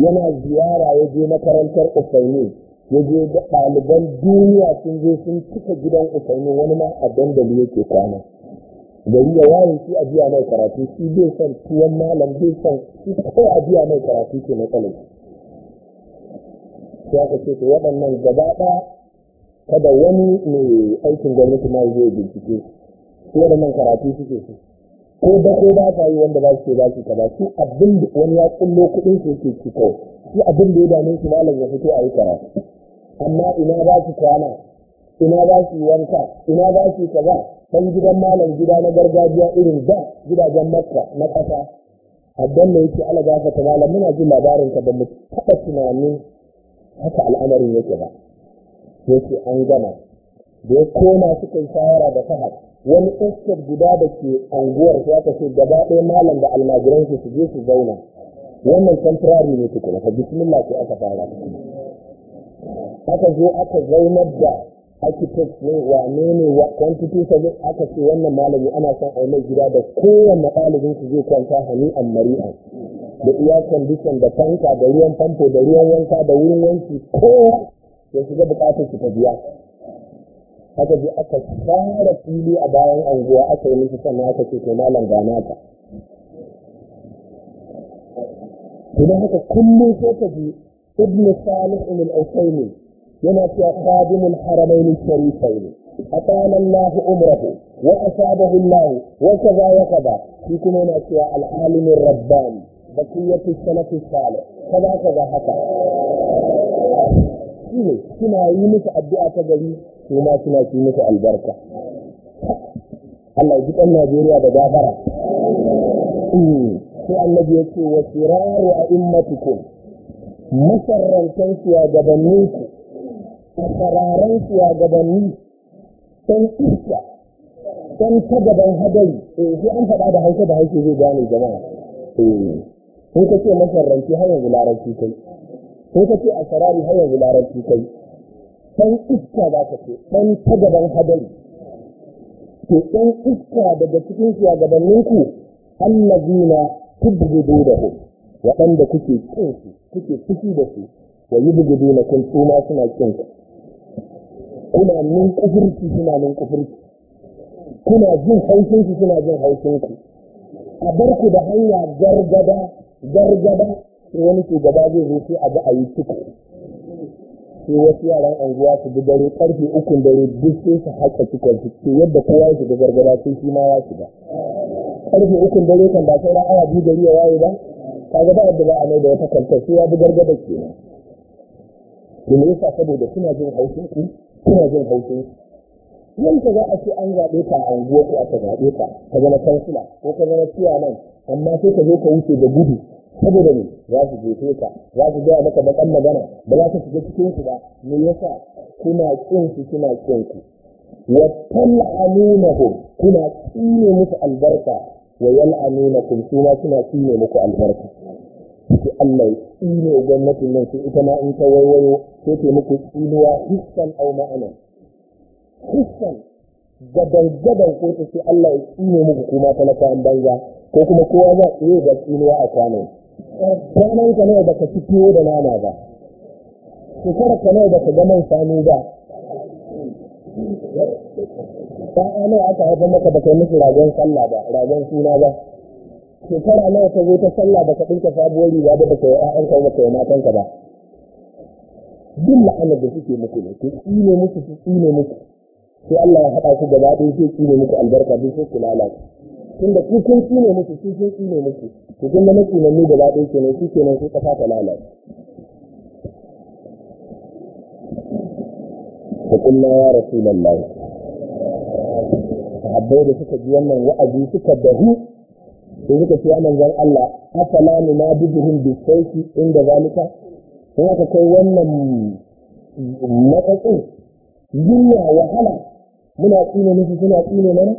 [SPEAKER 1] yana ziyara ya je makarantar Usaini ya je da ɗaliban duniya sun je sun cika gidan usaini wani ma a dandali yake kwana gari ya waye shi a biya mai karatu shi bai son tuwon malam bai son shi kawai a biya mai karatu ke matsalar sai aka ce to waɗannan gaba ɗaya kada wani mai aikin gwamnati ma zai bincike su waɗannan karatu suke su ko da ko ba ta yi wanda ba su ba su ba su abin da wani ya kullo kuɗin su yake ci kawai shi abin da ya dame shi malam ya fito a yi karatu amma ina za su kwana ina za su wanka ina za su kaza dan gidan malam gida na gargajiya irin da gidajen makka na ƙasa addan da yake ala ka ta malam muna jin labarin ka ba mu taɓa tunanin haka al'amarin yake ba yake an gama da ya koma suka yi shawara da fahad wani iskar guda da ke anguwar ya ka ce gaba ɗaya malam da almajiransu su je su zauna wannan temporary ne tukuna ka bismillah sai aka fara aka zo aka zaunar da architect ne wane ne wa quantity zai aka ce wannan malami ana son a gida da kowanne ɗalibin su zai kwanta hani a mari'a da iya condition da fanka da ruwan famfo da ruwan wanka da wurin wanki ko ya shiga bukatar su ta biya aka je aka tsara fili a bayan anguwa aka yi musu sannan aka ce to malam ga naka idan haka kullum sai ka ji ibnu salih ibn al usaymi yana cewa qadimul haramain sharifain atana a umrahu wa asabahu Allah wa kaza wa kaza shi kuma yana cewa al-alimur rabbani bakiyatu salafi salih kaza kaza haka shine suna yi musu addu'a ta gari su ma suna yi musu albarka Allah ya ji ɗan Najeriya da gafara. Sai annabi ya ce wa siraru a immatikum masarrantan shugabannin a sararin shugabanni ɗan iska ɗan ta gaban hadari eh sai an faɗa da haike da haike zai gane jama'a eh ka ce masararci har yanzu larabci kai sai ka ce a sarari har yanzu kai Ɗan iska za ka ce san ta gaban hadari to ɗan iska daga cikin shugabanninku allazina kubbe da ku waɗanda kuke kin kuke fushi da su wa yi yubghidu na kun suna kin kuna nan kufurci suna nan kufurci kuna jin haushin suna jin haushin ku a bar ku da hanya gargada gargada wani shugaba zai zo sai a ga a yi sai wasu yaran anguwa su bi dare karfe ukun dare duk sai su haka cikon su yadda kowa ya shiga gargada sai shi ma ya shiga karfe ukun dare kan ba sai awa biyu gari ya waye ba kaga ba yadda ba a mai da wata kwantar sai ya bi gargada kenan to yasa saboda suna jin haushin suna jin haushin yanka za a ce an zaɓe ka a unguwa ko aka zaɓe ka ka zama kansila ko ka zama nan amma sai ka zo ka wuce da gudu saboda ne za su jefe ka za su gaya maka bakan magana ba za ka shiga cikin su ba me yasa kuna kin su kuna kin ku wa tal'anunahu kuna kine musu albarka wa yal'anunakum kuma kuna kine muku albarka ce Allah ya tsine gwamnatin nan sai ita ma in ta waiwayo sai ta muku tsinuwa hissan au ma'ana hissan gaban gaban ko ta ce Allah ya tsine muku kuma talaka an banza ko kuma kowa za su yi da tsinuwa a kwanan kwanan ka nawa baka ci tuwo da nama ba shekara ka nawa baka ga man sanu ba ba a aka haifar maka baka musu ragon sallah ba ragon suna ba shekara nawa ka zo ta sallah baka dinka sabuwar riga da baka yi ƴaƴanka baka yi matanka ba duk la'anar da suke muku ne ku tsine musu su tsine muku sai Allah ya haɗa ku gaba ɗaya sai tsine muku albarka duk sai ku lalata, tunda ku kun tsine muku ku kun tsine muku ku kun na tsinanni gaba ɗaya ne, ku kenan sai ƙasa ta lalace فقلنا يا رسول الله sahabbai da suka ji wannan wa'azi suka dahu sai suka ce zan Allah afala nu na biduhum bi sayfi inda zalika sai aka kai wannan matsatsin yiwa wahala muna tsine musu suna tsine mana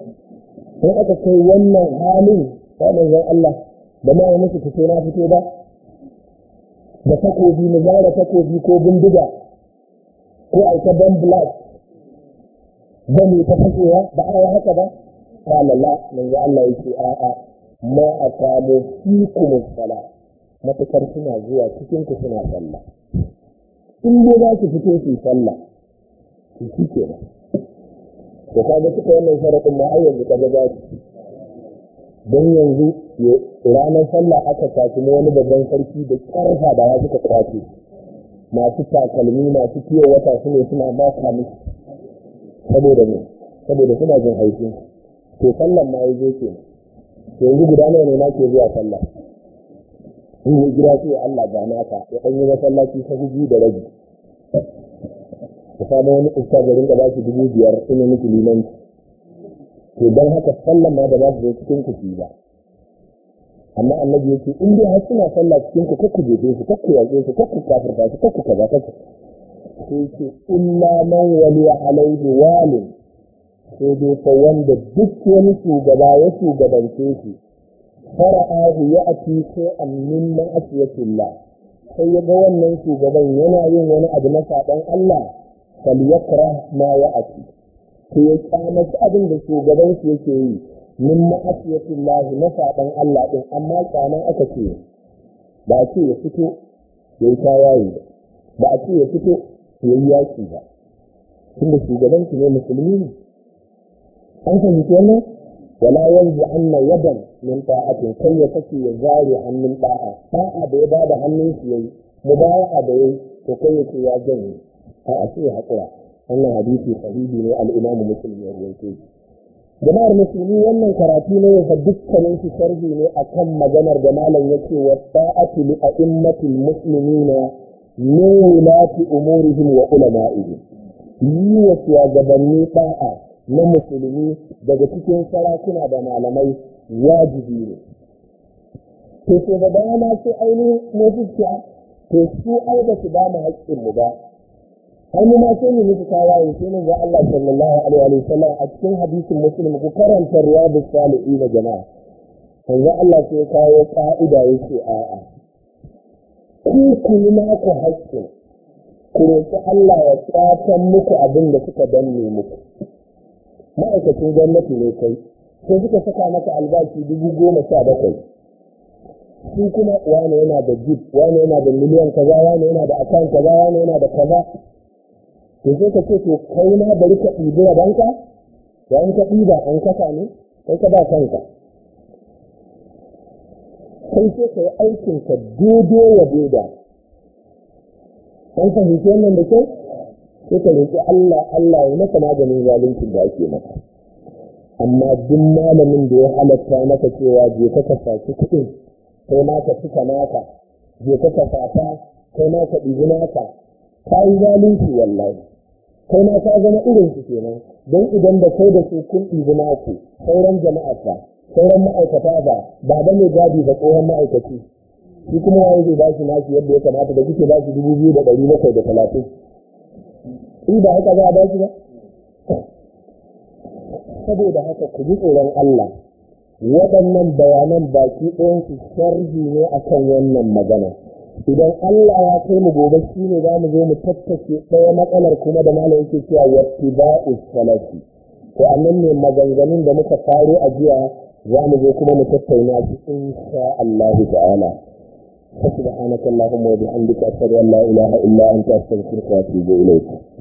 [SPEAKER 1] sai aka kai wannan halin sai zan Allah da ma ya musu fito na fito ba da takobi mu zara takobi ko bindiga ko aika ban black ba ne ta fashewa ba a haka ba qala la manzon Allah yake a'a ma a samu fikumus sala matukar suna zuwa cikin ku suna sallah in dai za ki fito su sallah ki shi ke nan ka ga suka wannan sharaɗin ma ai yanzu kaga za ki don yanzu ranar sallah aka tafi wani babban sarki da karfa da ya suka kwace masu takalmi masu fiye wata su ne suna ba ka saboda ne saboda suna jin haifin to sallan ma ya zo kenan yanzu guda nawa ne nake zuwa sallah in yi gida ce Allah ga naka ya kan yi masallaci ta hudu da rabi ku samu wani usta da rinka ba shi dubu biyar in yi miki limanci to don haka sallan ma da ba su zo cikin ku ba amma annabi yake in dai har suna sallah cikin ku kakku jefe su kakku yaƙe su kakku kafirta su kakku kaza kakku sai ce walin sai dai fa wanda duk wani shugaba ya shugabance shi fara'ahu ya ati ko amin man asiyatillah sai ya ga wannan shugaban yana yin wani abu na saɓan Allah kaliyakara ma ya ake ko ya kyamaci abin da shugaban shi yake yi min shi na saɓan Allah ɗin amma kyaman aka ce ba a ce ya fito ya yi tawaye ba ba a ce ya fito ya yi yaƙi ba tunda shugabanki ne musulmi ne an fahimci wannan wala yanzu anna yadan min ta'atin kai ya kace ya zare hannun da'a da'a da ya bada hannun shi yayi mubaya'a da yayi to kai ya ce ya janye a sai ce hakura wannan hadisi sahihi ne al-imam muslim ya rawaito jama'ar musulmi wannan karatu ne ga dukkanin shi sharhi ne akan maganar da malam yake wa ta'atu li a'immatil muslimina min wulati umurihim wa ulama'ihim yi wa shugabanni da'a na musulmi daga cikin sarakuna da malamai wajibi ne to sai da dama aini ainihin mafiya to su ai ba su dama mu haƙƙin mu ba an masu yi nufi tawaye sai mun ga Allah sallallahu alaihi wa sallam a cikin hadisin musulmi ku karanta riyadu na jama'a yanzu Allah sai ya kawo ya yake a'a ku ku yi naku haƙƙin ku roƙi Allah ya tsatan muku abin da suka danne muku ma'aikacin gwamnati ne kai sai suka saka maka albashi dubu goma sha bakwai su kuma wani yana da jip wani yana da miliyan kaza wani yana da akan kaza wani yana da kaza to sai ka ce to kai na bari ka ɗibi banka da an ka ɗiba an kasa ne kai ka ba kanka sai sai ka yi aikinka dodo ya doda an fahimci wannan da kyau suka roƙi Allah Allah ya maka maganin zalunci da ake maka amma duk malamin da ya halatta maka cewa je ka ka saki kuɗin kai ma ka cika naka je ka ka fata kai ma ka ɗibi naka ka yi zalunci wallahi kai ma ka zama irin su kenan don idan da kai da su kun ɗibi naku sauran jama'ar ba sauran ma'aikata ba ba da mai gadi ba tsohon ma'aikaci shi kuma wani zai ba shi naki yadda ya kamata da kuke ba shi dubu biyu da ɗari bakwai da talatin in ba haka za ba ba saboda haka ku ji tsoron Allah waɗannan bayanan baki ɗayan su sharhi ne akan wannan magana idan Allah ya kai mu gobe shi ne za mu zo mu tattace ɗaya matsalar kuma da malam yake cewa wattiba'u salati to annan ne maganganun da muka faro a jiya za mu zo kuma mu tattauna shi insha Allah ta'ala سبحانك اللهم وبحمدك أشهد أن لا إله إلا أنت أستغفرك وأتوب إليك